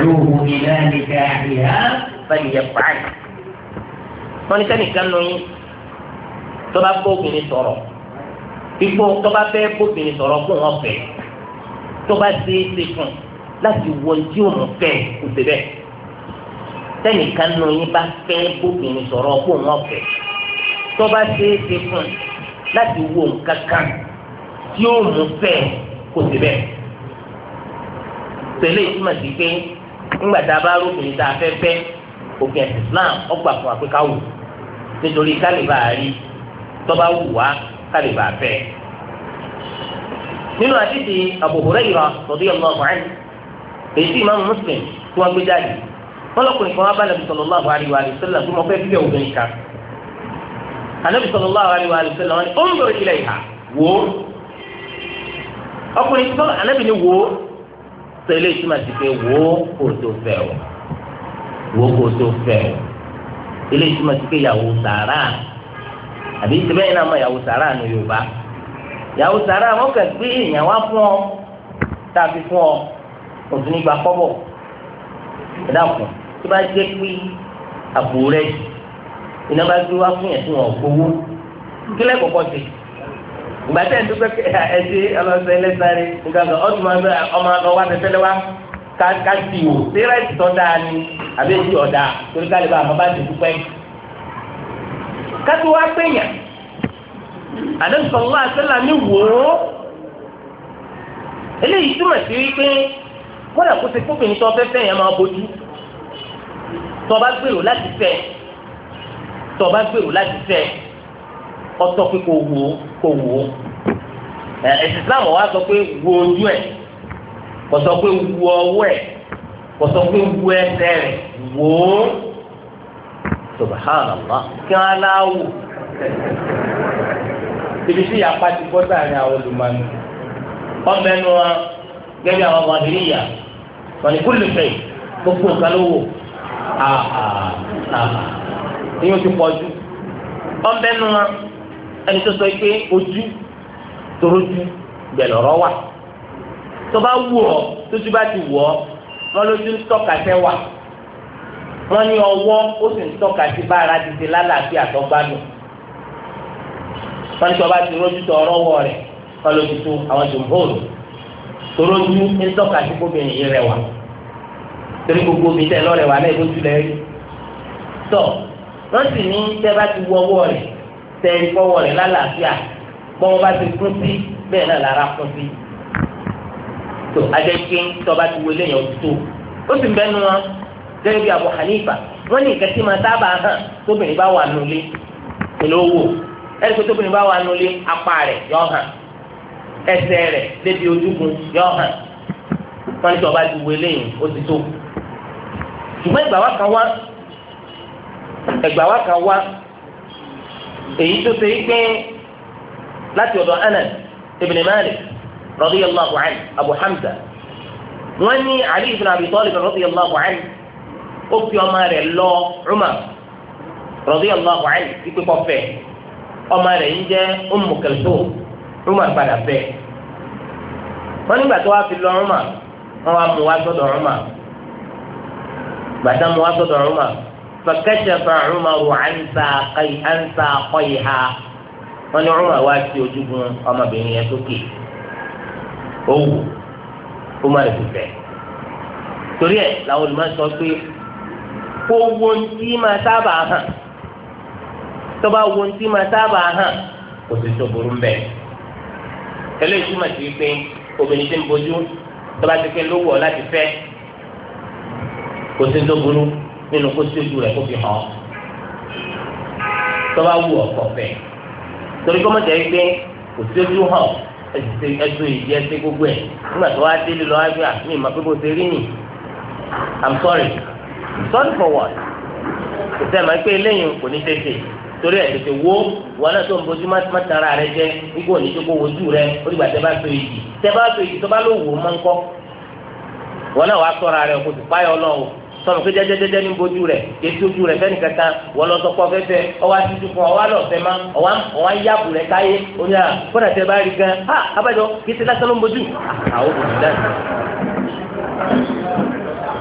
روح إلى نكاحها فليفعل wọ́n ní sẹ́nìkan nù yín tó bá bóbìnrin sọ̀rọ̀ ipò tó bá fẹ́ bóbìnrin sọ̀rọ̀ fún wọn fẹ́ tó bá ṣe é ṣe fún láti wọ tí òun fẹ́ kò sí bẹ́ẹ̀ sẹ́nìkan nù yín bá fẹ́ bóbìnrin sọ̀rọ̀ fún wọn fẹ́ tó bá ṣe é ṣe fún láti wọ nǹkan kan tí òun fẹ́ kò sí bẹ́ẹ̀ tẹ̀lé ìtumọ̀ sí pé nígbà tá a bá rúbìnrin tá a fẹ́ fẹ́ òkè Islam ọgbà fún wa pé ká wù nítorí kálíbà rí tọ́ba wù wá kálíbà fẹ́. nínú àdídì Abu Hurairah radiyallahu anhu èyí ìmáàmù Muslim tí wọ́n gbé jáde wọ́n lọ́kùnrin kan wá bá nàbì sallallahu alaihi wa sallam tó mọ fẹ́ fífẹ́ obìnrin kan. ànàbì sallallahu alaihi wa sallam wọn ni ó ń lọ ilẹ̀ ìhà wò ó ọkùnrin tó ànàbì ni wò ó sọ eléyìí túmọ̀ sí pé wò kò tó fẹ́ o wò ó kò tó fẹ́ o eléyìí túmọ̀ sí pé yàwó sàrà àbí ìtẹ́bẹ́ yìí náà mọ̀ yàwó sàrà ní Yorùbá yàwó sàrà wọn kàn gbé èèyàn wá fún ọ tàbí fún ọ kò tún ní gba kọ́bọ̀ ẹ dákun tó bá jẹ́ pé àpò rẹ iná bá gbé wá fún yẹn tí wọn ò gbowó kílẹ̀ kọ̀ọ̀kan ti gbàtẹ́ ndúgbẹ́ ẹtí ọlọ́sẹ̀ ẹlẹ́sàrí nǹkan kan ọdún máa ń bẹ ọmọ akọ wa tẹ́tẹ́lẹ́ wa ká ti wò síra ìtọ́ dáa ni àbí èyí ọ̀dà torí ká lè bá àmọ́ bá ti dúpẹ́. kátó wá péyàn àdéhùsọ̀rọ̀ àtẹ́là ní wò ó eléyìí túmọ̀ sí wípé kódà kó ti kóbìnrin tó fẹ́ fẹ́ yẹn máa bójú tó bá gbèrò láti fẹ́ tó bá gbèrò láti fẹ́ ọtọ́ pé kò wò ó kò wò ó ẹ̀sìn Islam wa sọ pé wo ojú ẹ̀ kò sọ pé wo ọwọ́ ẹ̀ kò sọ pé wo ẹsẹ̀ rẹ̀ wò ó subhanallah kí wọn aláwò ibi tí yàpá ti bọ́ sáàrin àwọn olùmọ̀ọ́nù ọmọ ẹnu wa gẹ́gẹ́ bí àwọn ọmọ àdìrí yà wọn ni kúlù fẹ́ gbogbo nǹkan ló wò áhà áhà ìyóò ti pọ̀ jù ọmọ ẹnu wa ẹni tó sọ pé ojú torojú bẹ̀rẹ̀ ọ̀rọ̀ wà tó bá wù ọ́ tójú bá ti wù ọ́ wọ́n ló ti ń tọ́ka tẹ́ wà wọ́n ní ọwọ́ ó sì ń tọ́ka sí bára títí lálàáfíà tó gbádùn wọ́n ní tó bá ti rojú tó ọ̀rọ̀ wọ̀ rẹ̀ wọ́n ló ti tó àwọn jòmbóòrò torojú ń tọ́ka sí kóbìnrin yìí rẹwà torí gbogbo mi tẹ lọ́rẹ̀ wà lẹ́yìn lójú lẹ́yìn tọ́ wọ́n sì ní tẹ́ bá ti wọ ọwọ́ rẹ̀ tẹ̀rí fọwọ́ rẹ̀ lálàáfíà bọ́wọ́ bá ti kún sí bẹ́ẹ̀ náà lára kún sí. tó adéké tọba ti wọlé yẹn tó ó sì ń bẹ́nu wọn gẹ́gẹ́ bí Abu Hanifa wọ́n ní ìkẹ́sí máa sábà hàn tóbìnrin bá wà nulẹ̀ olówó ẹ̀rí pé tóbìnrin bá wà nulẹ̀ apá rẹ̀ yọ hàn ẹsẹ̀ rẹ̀ débi ojúgun yọ hàn wọ́n ní tọba ti wọlé yẹn ó ti tó. ṣùgbọ́n ìgbà wa kan wá ìgbà wa kan wá èyí tó ṣe pé láti ọ̀dọ̀ Anas ibn Malik radiyallahu anhu Abu Hamza wọ́n ní Ali ibn Abi Talib radiyallahu anhu ó fi ọmọ rẹ̀ lọ Umar radiyallahu anhu ikú kọfẹ́ ọmọ rẹ̀ ń jẹ́ Ummu Kalthum Umar padà fẹ́ wọ́n nígbà tó wá fi lọ Umar wọ́n wá mú wá sọ́dọ̀ Umar gbàtà mú wá sọ́dọ̀ Umar. فكشف عمر عن ساقي عن ساقيها wọn ní Umar wá sí ojúgun ọmọbìnrin yẹn sókè ó wù ó má lè fẹ́ torí ẹ̀ làwọn olùmọ̀ sọ pé kó wo ntí máa sábà hàn tó bá wo ntí máa sábà hàn kò sì tó burú mbẹ eléyìí túmọ̀ sí pé obìnrin tí ń bójú tó bá ti pé lówó láti fẹ́ kò sì tó burú nínú kó síjú rẹ̀ kó fi hàn tọ́ba wù ọ̀kọ̀ fẹ́ torí kọ́ mọ̀tẹ́ pé kò síjú hàn ẹ̀sìn ìdí ẹ̀sìn gbogbo ẹ̀ nígbà tó wá délé lọ́wọ́ àgbà mi ìmọ̀ pé bó ṣe rí nì I'm sorry sorry for what kò sẹ́ máa pé eléyìí kò ní tètè torí ẹ̀ tètè wo wọn náà tó ń bójú má tara rẹ jẹ igbó òní tó kó wojú rẹ ó dìgbà tẹ bá so èyí tẹ bá so èyí tó bá ló wò ó mọ́ ńkọ́ wọn náà wàá sọ̀rọ̀ rẹ kò sì páyọ̀ náà o sọ̀rọ̀ pé jẹ́jẹ́jẹ́jẹ́ ní bojú rẹ̀ kéésì ojú rẹ̀ fẹ́ni kankan wọ́n lọ sọ́kọ́ fẹ́fẹ́ ọwọ́ àtijọ́ fún ọwọ́ àlọ́fẹ́ má ọwọ́ àyàbù rẹ̀ káyé oní à ah, kódà tẹ bá rí gan ha abájọ kéésì lásán ló ń bojú àwọn ah, òbí dá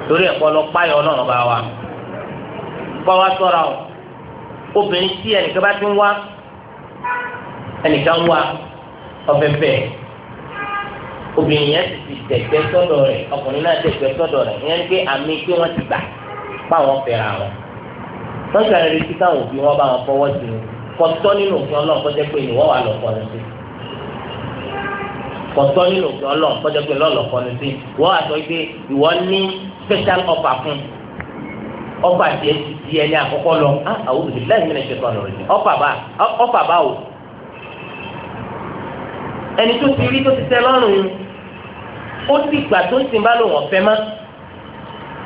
torí ẹ̀kọ́ lọ páyọ̀ ọlọ́run bá wa bá wa sọ́ra o obìnrin tí ẹnìkan bá ti ń wá ẹnìkan wá ọ̀fẹ́fẹ́ obìnrin yẹn ti ti tẹ̀gbẹ́ sọ́dọ̀ rẹ̀ ọkùnrin náà tẹ̀gbẹ́ sọ́dọ̀ rẹ̀ ìyẹn ni pé àmì pé wọ́n ti gbà fáwọn fẹ́ra wọn. wọ́n kàn retí káwọn òbí wọn bá wọn fọwọ́ sí i kọ́tọ́ nínú òfin ọlọ́run kọjá pé ìwọ́ wà lọ́kọ́ ni sí. kọ́tọ́ nínú òfin ọlọ́run kọjá pé lọ́lọ́kọ́ ni sí. wọ́n wà sọ pé ìwọ ní special offer fún ọfà tiẹ̀ ti di ẹni àkọ́kọ́ lọ ah, àwọn olùdíláì mi lè ṣe tọ́nu rẹ̀ ọfà bá wò ẹni tó ti rí tó ti tẹ́ lọ́rùn yìí ó sì gbà tó ń sìn bá lò wọ́n fẹ́ mọ́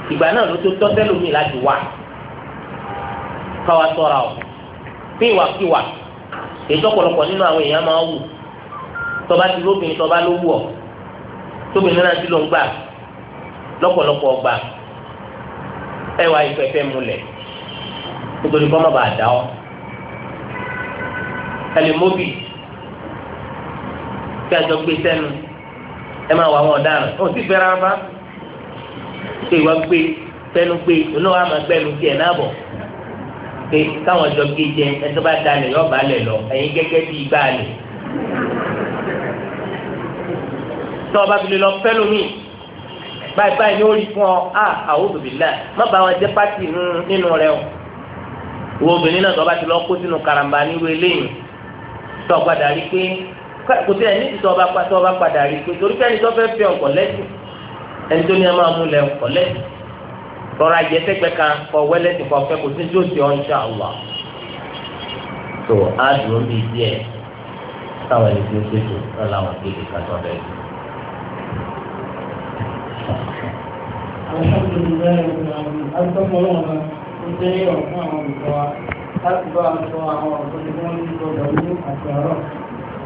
ìgbà náà ló tó tọ́sẹ́ lómi láti wà káwa sọ́ra o fún ìwàkiwà èyí tọ́pọ̀lọpọ̀ nínú àwọn èèyàn máa wù tọba ti lóbìnrin tọba ló wù ọ tóbìnrin náà ti ló ń gbà lọ́pọ̀lọpọ̀ gbà ẹwà ìfẹ́fẹ́ múlẹ̀ nítorí kọ́ má bàa dá ọ ẹlẹ́mọ́bì kí a jọ gbé sẹ́nu ẹ máa wà wọn ọ̀daràn wọn ò sì fẹ́ra bá pé ìwà gbé fẹnu gbé olówó àmà gbẹnu tiẹ̀ náà bọ̀ pé káwọn jọ gé jẹ ẹtọ́ bá dalẹ̀ yọ balẹ̀ lọ ẹ̀yin gẹ́gẹ́ bíi gbà lẹ̀ tọ́ ọba fi lè lọ fẹ́ lómi báyìí báyìí ni ó rí fún ọ a àwòrán bìlá má bá wọn jẹ pátì nínú rẹ o wo obìnrin náà tọ́ ọba ti lọ kó sínú karambà nílùú eléyìí tọ́ ọ gbàdá pé kò sí ẹni tí tọ́ba pa tọ́ba padà rí pé torí kẹ́ni tó fẹ́ fẹ́ ọkọ̀ lẹ́sìn ẹni tó ní ẹ máa mú lẹ ọkọ̀ lẹ́sìn rọra jẹ sẹgbẹ kan kọ wẹlẹsìn kọ fẹ́ kò sí tó ti ọ́n ṣá wà. tó a dùn bí díẹ̀ táwọn ẹni tí ó ṣètò náà làwọn kéde ká tọ́ bẹ́ẹ̀. alhamdulilayi asọ́mọlọ́wọ́n ló jẹ́ ọ̀fun àwọn olùkọ́ wa láti bá a sọ àwọn ọ̀dọ́ tí wọ́n ń sọ pẹ̀lú àti ọ̀rọ̀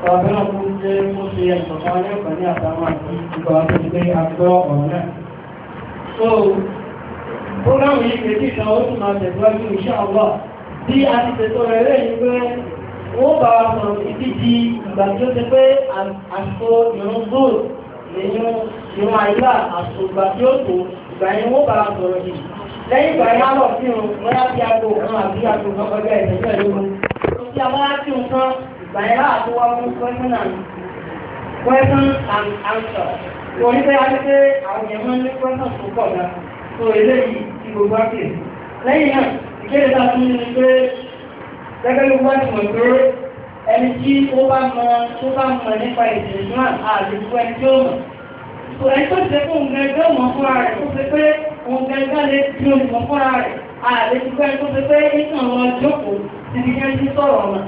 ọ̀gbọ́n fún jẹ́ ó ṣe ẹ̀sọ̀kan lẹ́kọ̀ọ́ ní àtàwọn àti ìgbà tó ti pé àgbọ́ ọ̀rọ̀ náà so program yìí kìí kan ó sì máa tẹ̀síwájú iṣẹ́ ọgbà bí a ti tẹ̀sọ rẹ̀ rẹ̀ yìí pé ó bá wa ibi di ìgbà tí ó ti pé àṣọ ìrún gold nínú ìrún àyíká àṣùgbà tí ó tó ìgbà yẹn ó bá wa sọ̀rọ̀ yìí lẹ́yìn ìgbà yẹn á lọ sí òun bóyá bí bàyá àtúwá fún question and question and answer tó ní pé a ti pé àwọn èèyàn máa ń ní question tó pọ̀ náà tó eléyìí ti gbogbo á pè lẹ́yìn náà ìkéde tá a tún ní pé gẹ́gẹ́ bí wọ́n ti mọ̀ pé ẹni tí ó bá mọ tó bá mọ nípa ìsìn náà àti gbogbo ẹni tí ó mọ̀ kò ẹ̀ tó ṣe fún ọmọ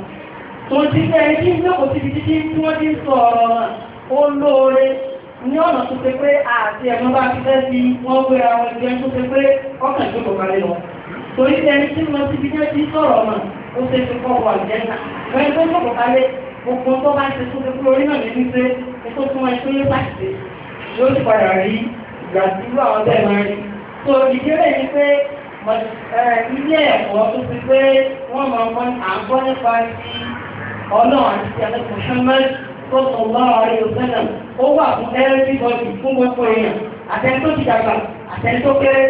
tó jíjẹ́ ẹjí ìjọ́kò ti fi jíjí tí wọ́n ti ń sọ ọ̀rọ̀ náà ó lóore ní ọ̀nà tó ṣe pé àti ẹ̀mọ́ bá ti fẹ́ fi wọ́n wé àwọn ìgbẹ́ tó ṣe pé ọkàn tó kọ̀ọ̀kan lé lọ torí ẹni tí wọ́n ti fi jẹ́ ti sọ̀rọ̀ náà ó ṣe ti kọ́ wà jẹ́ so ìdílé ni pé ilé ẹ̀kọ́ tó ti pé wọ́n máa ń gbọ́ nípa ti ọlọ́run àti ìyàlẹ́ Muhammad sallallahu alaihi wasallam ó wà fún ẹ́rẹ́sì bọ́ọ̀dì fún gbogbo èèyàn àtẹ́ntó ti dàgbà àtẹ́ntó kéré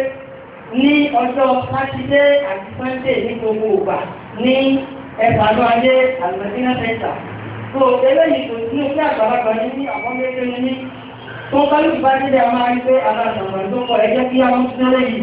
ní ọjọ́ sátidé àti sọ́ńdé ní gbogbo ògbà ní ẹ̀fàánú ayé àlùmọ̀sínà sẹ́ńtà tó eléyìí tó ní ojú àgbàlagbà ní ní àwọn méjèèjì ní tó kálù bá délé a máa rí pé aláàtàwọn tó kọ ẹjẹ́ kí a mú sílẹ̀ yìí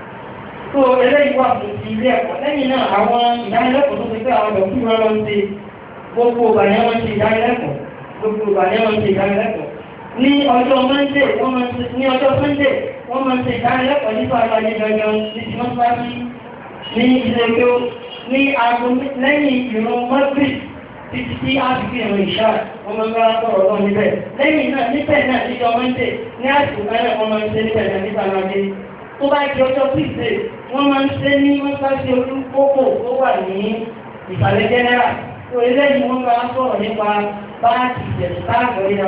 tó eléyìí wà fún ti ilé ẹ̀kọ́ lẹ́yìn náà àwọn ìdánilẹ́kọ̀ọ́ tó ti pé àwọn ọ̀dọ́ fún ìrọ̀lọ́ ń gbogbo ìgbà ni wọ́n ṣe ìdánilẹ́kọ̀ọ́ gbogbo ìgbà ni wọ́n ṣe ìdánilẹ́kọ̀ọ́ ní ọjọ́ Monday wọ́n máa ń ṣe ní ọjọ́ Sunday wọ́n máa ń ṣe ìdánilẹ́kọ̀ọ́ nípa àgbáyé gangan ní ti wọ́n sáájú ní ilé pé ní aago lẹ́yìn ìrún mọ́tì títí tí a fi ìrìn ìṣá wọ́n máa ń bá sọ̀rọ̀ níbẹ̀ lẹ́yìn náà níbẹ̀ náà níjọ Monday ní àsìkò náà wọ́n máa ń ṣe níbẹ̀ náà nípa àgbáyé tó bá di ọjọ́ pípé wọ́n máa ń ṣe ní wọ́n bá ṣe kókò tó wà ní ìsàlẹ̀ jẹ́nẹ́rà tó eléyìí wọ́n máa ń sọ̀rọ̀ nípa báàkì ìjẹ̀lẹ̀ táàbọ̀ yìí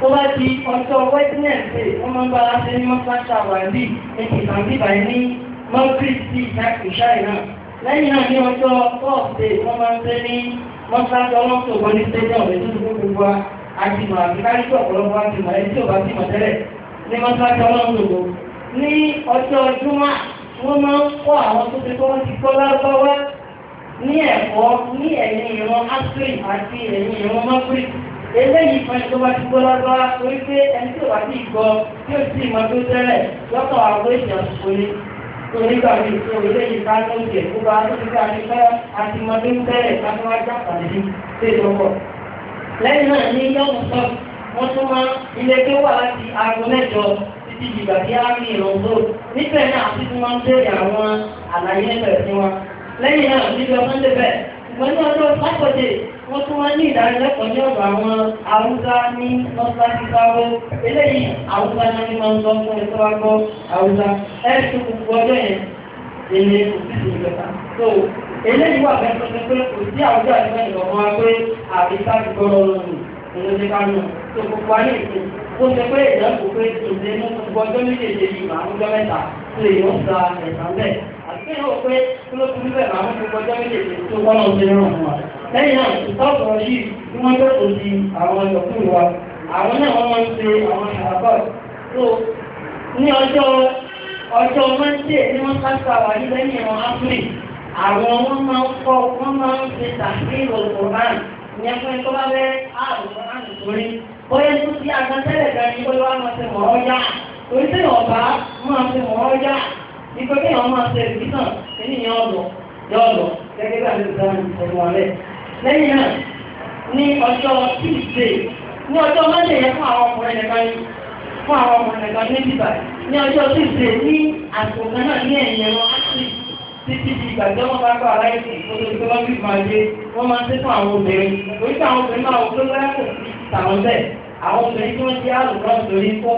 tó bá di ọjọ́ wẹ́tínẹ̀sì wọ́n máa ń bá ṣe ní wọ́n bá ṣàwàlì ní ìsàmìbà ní mọ́tírì sí náà lẹ́yìn náà ní ọjọ́ tọ́ọ̀sì wọ́n máa ń ṣe ní mọ́tírì ọlọ́tò wọn ní ní ọjọ́ Jímọ̀ wọ́n máa ń kọ́ àwọn tó ti kọ́ ti kọ́ lárúbáwá ní ẹ̀kọ́ ní ẹ̀yìn ìran áfírí àti ẹ̀yìn ìran mọ́kúrì eléyìí kan tó bá ti gbọ́ lárúbáwá torí pé ẹni tí ò bá ti gbọ́ tí ò sì mọ tó tẹ́lẹ̀ lọ́kàn àwọn èèyàn kò ní onígbà mi tó eléyìí ká ló jẹ tó bá tó ti ká àti mọ tó tẹ́lẹ̀ ká tó wá jápàdé sí ìlọ́kọ̀ lẹ́yìn náà ní yọ́mùsọ̀ wọ́n tún máa ilé tó wà láti aago mẹ́jọ ti dìgbà tí a rí ìrọ̀gbò níbẹ̀ náà tí wọ́n ń bèèrè àwọn àlàyé ẹ̀fẹ̀ sí wọn lẹ́yìn náà níjọ sunday bẹ́ẹ̀ ṣùgbọ́n ní ọjọ́ sátọ̀dé wọ́n tún wá ní ìdánilẹ́kọ̀ọ́ ní ọ̀dọ̀ àwọn haúsá ní mọ́sáàtì sáwọ́ eléyìí haúsá náà ní máa ń lọ fún ẹ̀tọ́ wá gbọ́ haúsá ẹ̀ tún gbogbo ọjọ́ yẹn èlé kò sí ìjọba tó eléyìí wà bẹ́ẹ̀ sọ pé kò sí àwùjọ àìsàn ìrọ̀mọ́ wa pé àbí sáà ti gbọ́ lọ́rùn ìrọ̀lẹ́ká náà tó gbogbo ayé ìpín ó ṣe pé ìdánkò pé òṣèlú mú gbogbo ọjọ́ méjèèjì yìí máa ń jọ mẹ́ta lè yọ ń gba ẹ̀sán bẹ́ẹ̀ àti ó pé kí ló fi bẹ́ẹ̀ máa ń gbogbo ọjọ́ méjèèjì tó wọ́n lọ sí ràn wá lẹ́yìn náà ìtọ́sọ̀ yìí tí wọ́n tó tó di àwọn ìyọ̀kú wa àwọn náà wọ́n máa ń ṣe àwọn ìyàbọ̀ tó ní ọjọ́ ọjọ́ mọ́ńdé ní wọ́n sáṣà wà ní lẹ́yìn àwọn áfírí àwọn wọ́n máa ń kọ́ wọ́n máa ń ṣe tàbí ah, ìrọ̀lùkọ̀ọ́ bóyá tó ti agbátẹ́lẹ̀ kan ní bóyá máa ṣe mọ̀ ọ́yá torí tí ọ̀bá máa ṣe mọ̀ ọ́yá ìpè kí wọ́n máa ṣe ìbísàn nínú ìyẹn ọ̀dọ̀ yọ ọ̀dọ̀ gẹ́gẹ́ bí àlejò ìṣẹ̀lẹ̀ wọn rẹ̀. lẹ́yìn náà ní ọjọ́ tíìsì ní ọjọ́ mọ́ndé yẹn fún àwọn ọkùnrin nìkan ní fún àwọn ọkùnrin nìkan ní bíbà ní ọjọ́ tíìsì ní títí di ìgbà tí bá gbọ́ aláìsí ìfowópamọ́ bí máa yé máa ń ṣe fún àwọn obìnrin oríṣi àwọn obìnrin máa wò pé wọ́n kò sí tàwọn àwọn obìnrin tí wọ́n jẹ́ àlùkò nítorí tó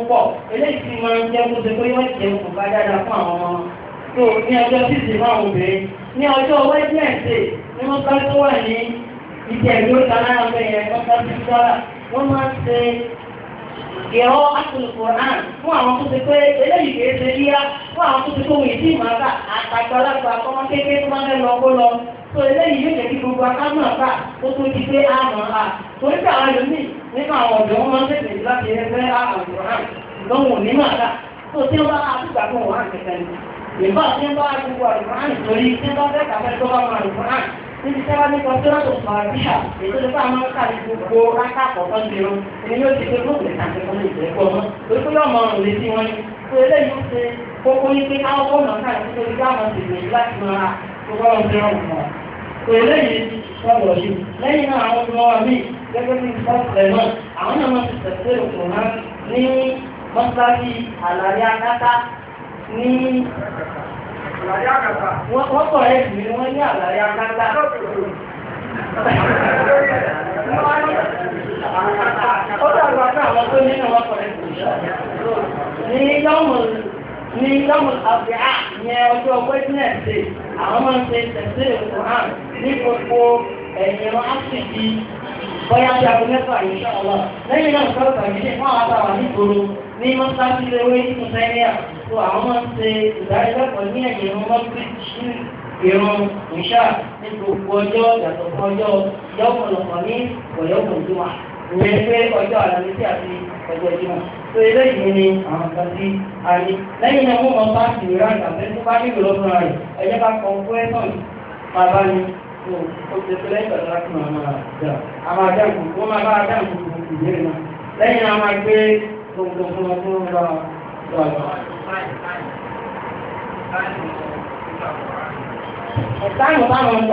eléyìí tí máa ń jẹ́ kó ṣe pé wọ́n jẹ́ kò bá dáadáa fún àwọn ọmọ tó ní ọjọ́ títì fún àwọn obìnrin ní ọjọ́ wẹ́díẹ̀sì ni wọ́n bá tó wà ní ìjẹ̀lú ìtàlára bẹ́ẹ̀ yẹn wọ́n bá ti sọ́ra wọ́n máa ń ṣe ìrọ̀ àtúnukùnrán fún àwọn tó ti pé eléyìí kìí ṣe ríyá fún àwọn tó ti kó wùyí sí ìmọ̀ àgbà àtàgbàlagbà ọmọ kékeré tó máa ń lọ kó lọ tó eléyìí yóò jẹ́ kí gbogbo akágbọ̀n àgbà tó tó di pé àmọ́ à torí pé àwọn ẹlòmíì nínú àwọn ọ̀dọ́ wọn tètè láti ẹgbẹ́ àtúnukùnrán lọ́wọ́ onímọ̀ àgbà tó tí wọ́n bá níbi tí wọ́n ní kan tó rọ̀tò fún ọ̀rọ̀ bíṣà èyí tó àwọn káàdì gbogbo rákà àkọ́kọ́ ní irun èmi yóò ti pé gbogbo ìtàkùn kan lè pọ̀ mọ́ lórí tó lọ́mọ ọ̀rùn létí wọn ni tó eléyìí ó ṣe kókó ní pé káwọn fóònù ọ̀ká àti tó gbá àwọn ti gbèrú láti máa gbogbo ọ̀rùn tó rọ̀rùn mọ́ tó eléyìí wọ́n lọ yìí lẹ́yìn náà àwọn ọmọ mi gẹ́gẹ́ bí ìfọ́sẹ̀ náà àwọn wọ́n kọ̀ ẹ́ ní ọjọ́ wẹ́dínẹ̀sì àwọn máa ń ṣe tẹ̀sílẹ̀ ìkùnrán ní gbogbo ẹ̀yìn áfíìkì bọ́yá bí aago mẹ́fà yìí lẹ́yìn náà sọ́ọ̀tà yìí fún àwọn àtàwọn nígboro ní mọ́sáàtì lẹ́wẹ́ ní nàìjíríà tó àwọn máa ń ṣe ìdánilẹ́kọ̀ọ́ ní ẹ̀yìn ìrún mọ́sí sí ìrún ìṣá ní gbogbo ọjọ́ yàtọ̀ fún ọjọ́ yọ́pọ̀lọpọ̀ ní ọ̀yọ́pọ̀lọpọ̀ ìyẹn pé ọjọ́ àlàmísí àti ọjọ́ ìjọba tó ilé yìí ni àwọn kan sí ayé lẹ́yìn náà wọ́n máa bá sì rán ìgbàgbẹ́ tó bá nílò lọ́sọ̀rọ̀ rẹ̀ ẹ̀jẹ̀ bá kọ fún ẹ̀sán bàbá ni tó ó ti fi lẹ́yìn pẹ̀lú láti máa máa dà àwọn adáǹkù wọ́n máa bá adáǹkù ìbéèrè náà lẹ́yìn náà máa gbé الحمد لله والصلاة والسلام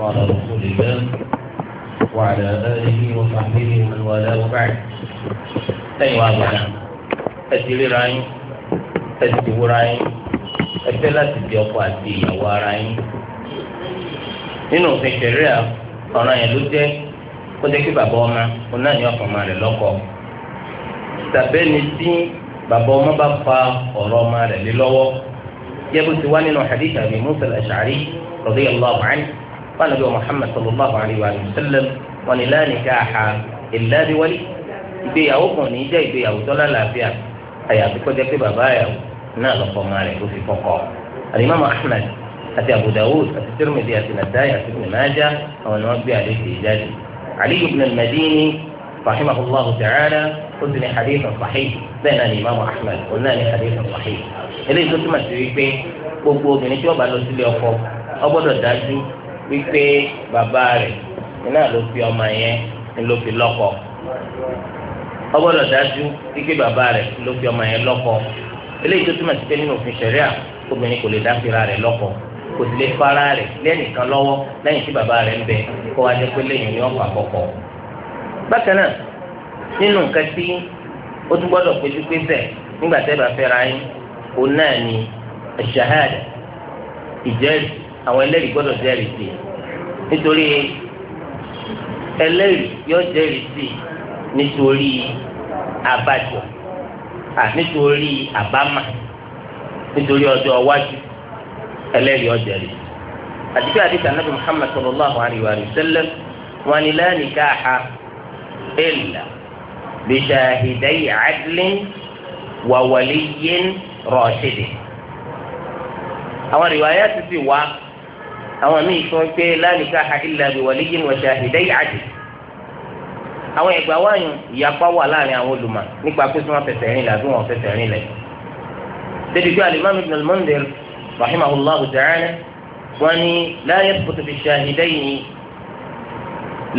على رسول الله وعلى آله وصحبه ومن والاه وبعد أيوة أيوة أسئلة رأيك ẹsì wúra yín ẹfẹ́ láti di ọkọ àti ìyàwó ara yín nínú òfin ṣẹ̀ríà ọ̀ràn yẹn ló jẹ́ kó jẹ́ kí bàbá ọmọ òun náà ní ọkọ ọmọ rẹ̀ lọ́kọ tàbẹ́ni tí bàbá ọmọ bá fa ọ̀rọ̀ ọmọ rẹ̀ lé lọ́wọ́ jẹ́ bó ti wá nínú hadith Abi Musa al-Ash'ari radiyallahu anhu wa nabi Muhammad sallallahu alayhi wa sallam wa ni la nikaha illa ìgbéyàwó kan ní jẹ́ ìgbéyàwó tọ́lá làáfíà àyàfi kó jẹ́ pé bàbá yàwó náà lọ́kọ́ máa rẹ̀ tó fi kọ́kọ́ alimami ahmed àti abu dawud àti tirmidhi àti nasa'i àti ibn majah àwọn ni wọ́n gbé àdéhùn ìjáde aliyu ibn al-madini رحمه الله تعالى قلت لي حديث صحيح بين الإمام أحمد قلنا لي حديث صحيح eléyìí tó túmọ̀ sí wípé gbogbo obìnrin tí ó bá lọ sílé ọkọ ó gbọ́dọ̀ dájú wípé bàbá rẹ̀ iná ló fi ọmọ yẹn ló fi lọ́kọ ó gbọ́dọ̀ dájú wípé bàbá rẹ̀ ló fi ọmọ yẹn lọ́kọ eléyìí tó túmọ̀ sí pé nínú òfin ṣẹ̀ríà obìnrin kò lè dá fira rẹ̀ lọ́kọ kò sì lè fara rẹ̀ lẹ́nìkan lọ́wọ́ lẹ́yìn tí bàbá rẹ̀ ń bẹ kó wá jẹ́ pé lẹ́yìn ni wọ́n pa kọ̀kọ̀. bákan náà nínú nǹkan tí ó tún gbọ́dọ̀ péjú pé bẹ́ẹ̀ nígbà tẹ́ bá fẹ́ra yín òun náà ni ṣahada ìjẹ́rìí àwọn ẹlẹ́rìí gbọ́dọ̀ jẹ́rìí sí i nítorí ẹlẹ́rìí yóò jẹ́rìí sí i nítorí abájọ Ah, nítorí àbámà nítorí ọjọ́ iwájú ẹlẹ́rìí ọjà rẹ̀ àdìgbà àdìgbà nàbì muhammad sallallahu alayhi wa sallam wọn ni la nikaha illa bishahidayi adlin wa waliyin rashidin àwọn rìwáyà ti sì wá àwọn míì sọ pé la nikaha illa bi adlin àwọn ẹgbà wáyùn ìyapa wà láàrin àwọn olùmọ̀ nípa pé tí wọ́n fẹsẹ̀ rìn lẹ̀ àbí wọ́n fẹsẹ̀ rìn lẹ̀. débi pé alimami ibn al-Mundhir rahimahullahu ta'ala wọ́n ní la yathbutu fi shahidayni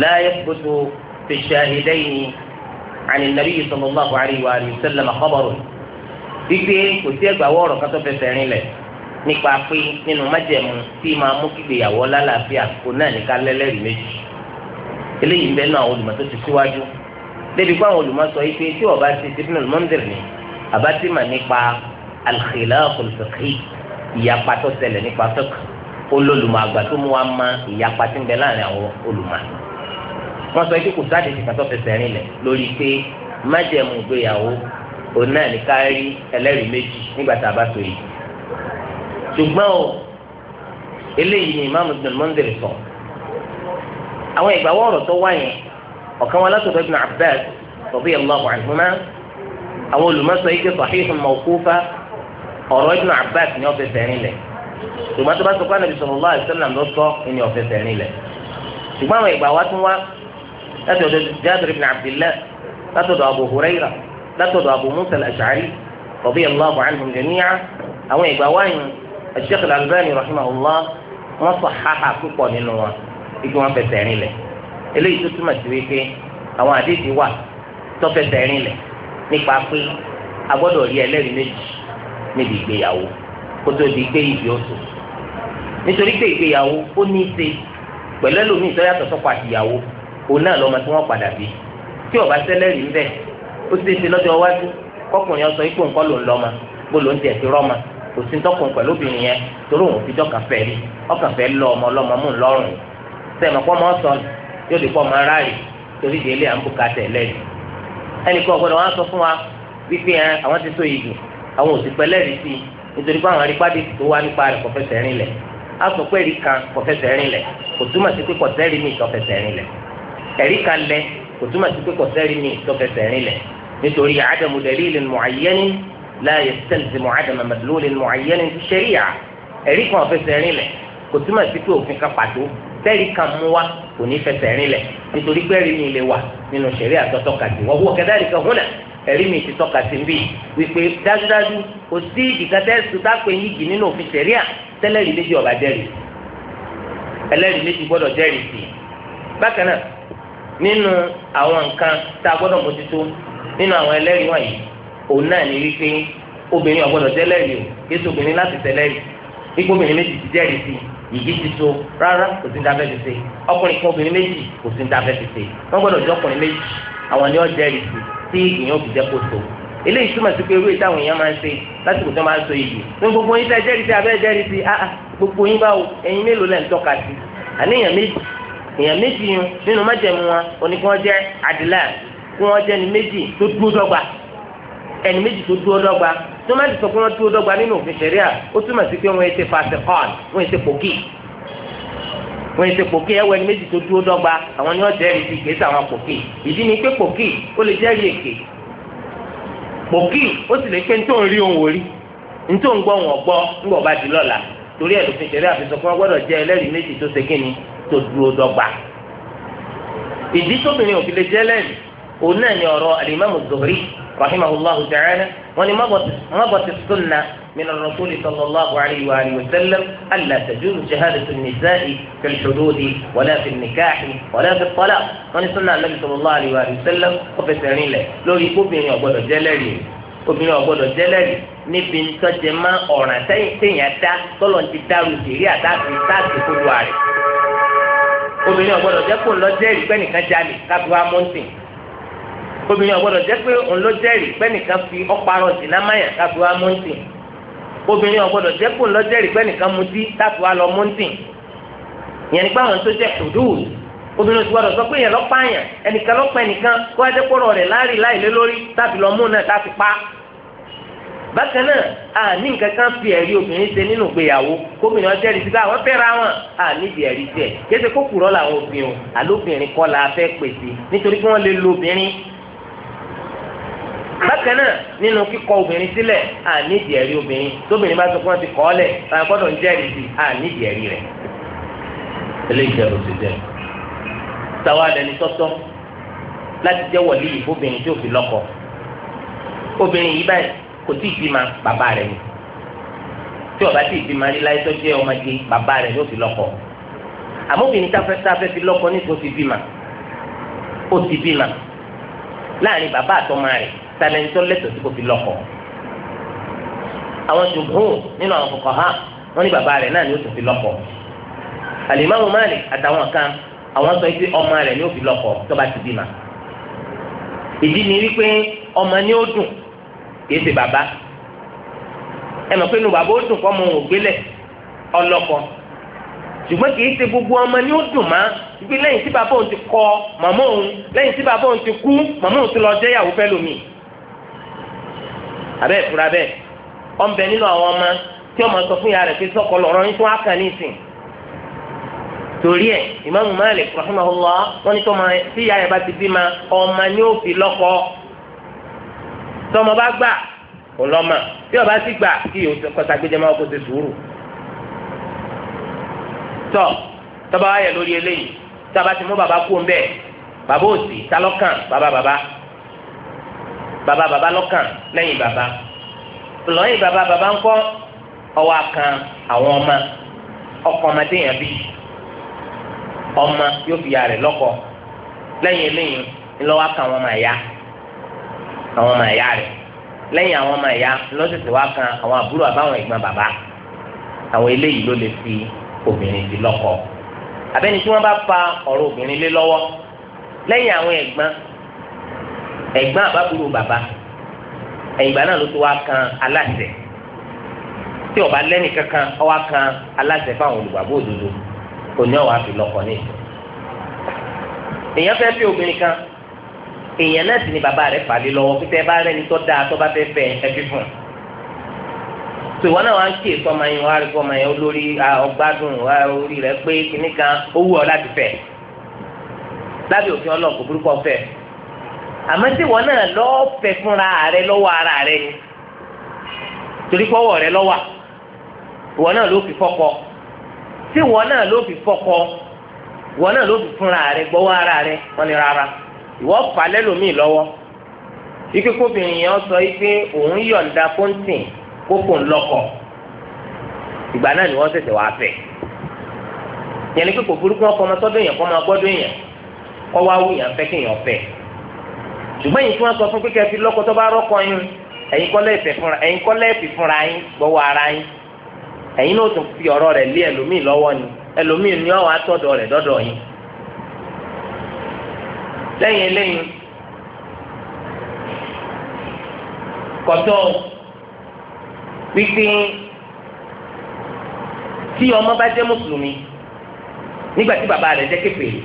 la yathbutu fi shahidayni ani nabiyyi sallallahu alayhi wa sallam khabarun wípé kò sí ẹgbà wọ́ọ̀rọ̀ kátó fẹsẹ̀ rìn lẹ̀ nípa pé nínú májẹ̀mú tí máa mú kígbéyàwó lálàáfíà kò náà ní ká lẹ́lẹ́rìí méjì eléyìí bẹ́ẹ̀ náà àwọn olùmọ̀ tó ti síwájú débi pé àwọn olùmọ̀ sọ ipe tí ọba ti ti Ibnul Mundhir ni àbá ti mà nípa al-khilaful fiqhi ìyapa tó ṣẹlẹ̀ nípa fiqh olólùmọ̀ àgbà tó mú wa ma ìyapa ti ń bẹ láàrin àwọn olùmọ̀ wọn sọ ipe kò sáàdì ti kàtọ́ fẹsẹ̀ rìn lẹ̀ lórí pé májẹ̀mú ìgbéyàwó òun náà ní ká ẹlẹ́rìí méjì nígbà tá a bá so yìí ṣùgbọ́n o eléyìí ni Imam Ibnul Mundhir sọ̀rọ̀ àwọn ìgbàwọ́ ọ̀rọ̀ tó wáyé ọ̀kan wọn látọ̀dọ̀ ibn Abbas radiyallahu anhuma àwọn olùmọ̀sọ ike sahihun mawqufa ọ̀rọ̀ ibn Abbas ní ọ̀fẹ́ fẹ́rin lẹ̀ ṣùgbọ́n tó bá sọ pé anabi sallallahu alaihi wasallam ló sọ ní ọ̀fẹ́ fẹ́rin lẹ̀ ṣùgbọ́n àwọn ìgbàwọ́ tún wá látọ̀dọ̀ Jabir ike wọn fẹsẹ̀ rìn lẹ̀ eléyìí tó túmọ̀ sí wípé àwọn àdéhìí wà tó fẹsẹ̀ rìn lẹ̀ nípa pé a gbọ́dọ̀ rí ẹlẹ́rìí méjì níbi ìgbéyàwó kó tó di pé ìbí oṣù nítorí pé ìgbéyàwó ó ní í ṣe pẹ̀lú ẹlòmíì tó yàtọ̀ sọ́kọ àtìyàwó òun náà lọ́mọ tí wọ́n padà bí tí ó bá sẹ́lẹ̀rì ńbẹ̀ ó ti ṣe lọ́jọ́ iwájú kọkùnrin ọsọ ipò ńkọ́ ló ń lọ́mọ bó ló ń tiẹ̀ rọ́mọ kò sí tọkùn pẹ̀lú obìnrin yẹn torí òun fi dọ́kàn fẹ́ rí ọkàn fẹ́ lọ ọmọ ọlọ́mọ mú ńlọrùn sẹ́mi kọ́ máa sọ yóò lè kọ́ máa ráàyè torí délé à ń bùkà tẹ̀lé ni ẹnì kan ọ̀gbọ́dọ̀ wọn sọ fún wa wípé ẹ àwọn ti sọ yìí jù àwọn òsì pẹ́lẹ́ rí sí i nítorí pé àwọn arípàdé tó wá nípa rẹ̀ kọ̀fẹ́sẹ̀ rìn lẹ̀ á sọ pé ẹ̀rí kan kọ̀fẹ́sẹ̀ rìn lẹ̀ kò túmọ̀ sí pé kọ̀sẹ́rì mi ìtọ́fẹsẹ̀ rìn lẹ̀ ẹ̀rí kan lẹ kò túmọ̀ sí pé kọ̀sẹ́rì mi ìtọ́fẹsẹ̀ rìn lẹ̀ nítorí àdàmù dalilin mu'ayyanin la yastalzimu àdàmù madlulin mu'ayyanin fi shari'a ẹ̀rí kan ọ̀fẹsẹ̀ rìn lẹ̀ kò túmọ̀ sí pé òfin kan pàtó tẹ́rì kan mú wa kò ní fẹsẹ̀ rìn lẹ̀ nítorí pé ẹ̀rí mi lè wà nínú ṣẹ̀rí àtọ́tọ́ka sí wọ́n wọ́n kẹ́dá nìkan hùnà ẹ̀rí mi ti tọ́ka sí bí wípé dájúdájú kò sí ìdìkatẹ́sù dápẹ́ yíjì nínú òfin ṣẹ̀rí à tẹ́lẹ̀rí méjì ọ̀bà jẹ́rìí ẹlẹ́rìí méjì gbọ́dọ̀ jẹ́rìí sí i bákan náà nínú àwọn nǹkan tá a gbọ́dọ̀ mójútó nínú àwọn ẹlẹ́rìí wọ̀nyí ìdí ti so rárá kò sí dábẹ́ ti se ọkùnrin kan obìnrin méjì kò sí dábẹ́ ti se wọ́n gbọ́dọ̀ jẹ́ ọkùnrin méjì àwọn ni wọ́n jẹ́ ìsì tí ìyẹn òbí jẹ́ kó so eléyìí túmọ̀ sí pé irú ìta àwọn èèyàn máa ń ṣe lásìkò tó máa ń so iyì ní gbogbo yín tẹ́ jẹ́rìí sí abẹ́ jẹ́rìí sí ah, ah gbogbo yín báwo ẹ̀yin mélòó lẹ́ ń tọ́ka sí àníyàn méjì èèyàn méjì yun nínú májẹ̀mú wọn oníkan jẹ́ àdìlà kí wọ́n jẹ́ ni méjì tó dúró dọ́gba ẹni méjì tó dúró dọ́gba tó má ti sọ pé wọ́n dúró dọ́gba nínú òfin ṣẹ̀ríà ó túmọ̀ sí pé wọ́n ti fàṣẹ hàn wọ́n ti pòkì wọ́n ti pòkì ẹ̀wọ̀ ẹni méjì tó dúró àwọn ni wọ́n jẹ́rìí ti gbèsè àwọn pòkì ìdí ni pé ó lè èké ó sì lè pé ní tó ń rí òun rí ní tó ń gbọ́ òun bá di lọ́la torí ẹ̀ lófin wọn gbọ́dọ̀ ẹlẹ́rìí méjì tó ṣe kíni tó dúró ìdí òfin rahimahullahu ta'ala wọn ni mabọ̀tì sunna min ar-rasuli sallallahu alayhi wa alihi wa sallam alla tajuzu shahadatu an-nisa'i fi al-hududi wala fi an-nikahi wala fi at-talaq wọn ni sunna anabi sallallahu alayhi wa alihi wa sallam ó fẹsẹ̀ rin lẹ̀ lórí kóbìnrin ọ̀gbọ́dọ̀ jẹ́lẹ́rìí obìnrin ọ̀gbọ́dọ̀ jẹ́lẹ́rìí níbi ntọ́jẹ má ọ̀ràn téèyàn dá tọ́lọ̀ ti dárò ìrírí àtàkùn táàkì kó lu àrè obìnrin ọ̀gbọ́dọ̀ jẹ́ kó lọ jẹ́rìí pé nìkan jalè kábíwá mọ́ntìn obìnrin ọ̀gbọ́dọ̀ jẹ́ pé òun ló jẹ́rìí pẹ́nìkan fi ọ̀parọ̀ sí námáyà káfí wá mọ́ntìn obìnrin ọ̀gbọ́dọ̀ jẹ́ pé òun ló jẹ́rìí pẹ́nìkan mutí káfí wá lọ mọ́ntìn ìyẹn nípa àwọn tó jẹ́ hudud obìnrin ti gbọ́dọ̀ sọ pé ìyẹn lọ́pàáyàn ẹnìkan lọ́pàá ẹnìkan kó wájẹ́ pọ̀rọ̀ rẹ̀ láàrí láìlé lórí táfi lọ mú náà táfi pa bákan náà àní nǹkan kan fi ẹ̀rí obìnrin ṣe nínú ìgbéyàwó gómìnà jẹ́rìí sí pé àwọn fẹ́ ra wọn àní ìdí ẹ̀rí tiẹ̀ kéde kó kúrọ́ làwọn obìnrin àlóbìnrin kọ́ la fẹ́ pèsè nítorí pé wọ́n lè lo obìnrin bákan náà nínú kíkọ obìnrin sílẹ̀ àníjì ẹ̀rí obìnrin tóbìnrin bá sọ pé wọ́n ti kọ́ ọ lẹ̀ báyìí gbọ́dọ̀ ń jẹ́rìí sí àníjì ẹ̀rí rẹ̀ eléyìí jẹ́ oṣù jẹ́ táwa lẹni tọ́tọ́ láti jẹ́ wọ̀lí yìí fóbìnrin tí ò fi lọ́kọ obìnrin yìí báyìí kò tí ì fi ma bàbá rẹ̀ ni tí ọba tí ì fi ma rí láyé tó jẹ́ ọmọdé bàbá rẹ̀ ló fi lọ́kọ àmọ́ obìnrin táfẹ́ táfẹ́ fi lọ́kọ nítorí ó ó ti bí láàrin bàbá àtọ́mọ rẹ̀ talẹ̀ntọ́ lẹ́tọ̀ tí kò fi lọ́kọ̀ àwọn jùmùhùn nínú àwọn kọ̀kọ̀ hàn wọ́n ní bàbá rẹ̀ náà ni ó tún fi lọ́kọ̀ àlìmáwò máàlì àtàwọn kan àwọn sọ pé ọmọ rẹ̀ ni ó fi lọ́kọ̀ tó bá ti bímọ ìdí ni wípé ọmọ ni ó dùn kì í ṣe bàbá ẹ mọ̀ pé nu bàbá ó dùn kọ́ mọ òun gbélẹ̀ ọlọ́kọ̀ ṣùgbọ́n kì í ṣe gbogbo ọmọ ni ó dùn máa wípé lẹ́yìn tí bàbá òun ti kọ màmá òun lẹ́yìn tí bàbá òun ti kú màmá òun ti lọ jẹ́yàwó fẹ́ lómi abẹ́ ìfura bẹ́ẹ̀ ọ̀nbẹ nínú àwọn ọmọ tí ọmọ sọ fún ìyá rẹ̀ pé sọ́kọ lọ́rọ́ ní tí wọ́n á kàn ní ìsìn torí ẹ̀ ìmáàmù Malik rahimahullah wọ́n ní tọ́mọ tí ìyá rẹ̀ bá ti bímọ ọmọ ni ó fi lọ́kọ tọ́mọ o gbà kò lọ́mọ tí ọba sì gbà kí kọ́sàgbéjẹ máa kó ti sùúrù tọ́ tọ́ba wáyẹ̀ lórí eléyìí tọ́ba ti mú bàbá kú ń bẹ́ẹ̀ bàbá òsì talọ́kàn bàbá bàbá. Baba, baba, lọ́kàn lẹ́yìn baba. lọ́yìn bàbá baba, ń kọ́ ọwọ́ kan àwọn ọmọ ọkọ ọmọdé yẹn bí ọmọ yóò fi yà rẹ̀ lọ́kọ lẹ́yìn eléyìí ńlọ́wọ́ kan àwọn ọmọ ẹ̀yà àwọn ọmọ ẹ̀yà rẹ̀ lẹ́yìn àwọn ọmọ ẹ̀yà lọ́sẹ̀sẹ̀ wá kan àwọn àbúrò àbáwọn ẹ̀gbọ́n bàbá àwọn eléyìí ló lè fi obìnrin di lọ́kọ abẹ́ni tí wọ́n bá fa ọ̀rọ̀ obìnrin lé lọ́wọ́ lẹ́yìn àwọn ẹ̀gbọ́n ẹ̀gbọ́n àbábúrò bàbá ẹ̀yìngbà náà ló ti wá kan aláṣẹ tí ọba lẹ́nì kankan ọwá kan aláṣẹ fáwọn olùgbàgbọ́ òdodo kò ní ọ̀wá fi lọ́kọ̀ ní ìsìn èèyàn fẹ́ fi obìnrin kan èèyàn náà sì ni bàbá rẹ̀ fà lé lọ́wọ́ pété bá rẹ́ni tó dáa tó bá fẹ́ fẹ́ ẹ fi fún un tò náà wá ń kíyè sọmọ yẹn wá rí sọmọ yẹn olórí ọgbádùn orí rẹ̀ pé kíníkan ó wù ọ láti fẹ́ lábẹ́ òfin ọlọ́ọ̀kọ̀ burúkọ fẹ́ẹ́ àmọ́ tí wọn náà lọ́ọ́ fẹ́ fúnra rẹ lọ́wọ́ ara rẹ ni torí pọ́wọ́ rẹ lọ́wọ́ wọn náà ló fi fọ́kọ tí wọn náà ló fi fọ́kọ wọn náà ló fi fúnra rẹ gbọ́wọ́ ara rẹ wọn ni rárá ìwọ fà lẹ́lòmíì lọ́wọ́ ike kóbìnrin yẹn sọ yìí pé òun yọ̀ǹda kóńtìn kókò ńlọ́kọ̀ ìgbà náà ni wọ́n ṣẹ̀ṣẹ̀ wá fẹ́ yẹn ni pé kò burúkú ọkọ̀ ọmọ sọ́dọ̀ èèyàn kọ́ ọmọ gbọ́dọ̀ èèyàn kọ́ wá wù yàn fẹ́ kéèyàn fẹ́ ṣùgbọ́n èyí tí wọ́n sọ fún pé kẹfì lọ́kọ tó bá rọ́kọ yín ẹ̀yin kọ́lẹ́ ìfẹ́ fúnra ẹ̀yin kọ́lẹ́ ìfẹ́ fúnra yín gbọ́wọ́ ara yín ẹ̀yin náà tún fi ọ̀rọ̀ rẹ̀ lé ẹlòmíì lọ́wọ́ ni ẹlòmíì ni ọ̀wọ́ atọ́dọ̀ rẹ̀ dọ́dọ̀ yín. lẹ́yìn eléyìí kọ́tọ́ wípé tí ọmọ bá jẹ́ mùsùlùmí nígbà tí bàbá rẹ̀ jẹ́ kèfèrí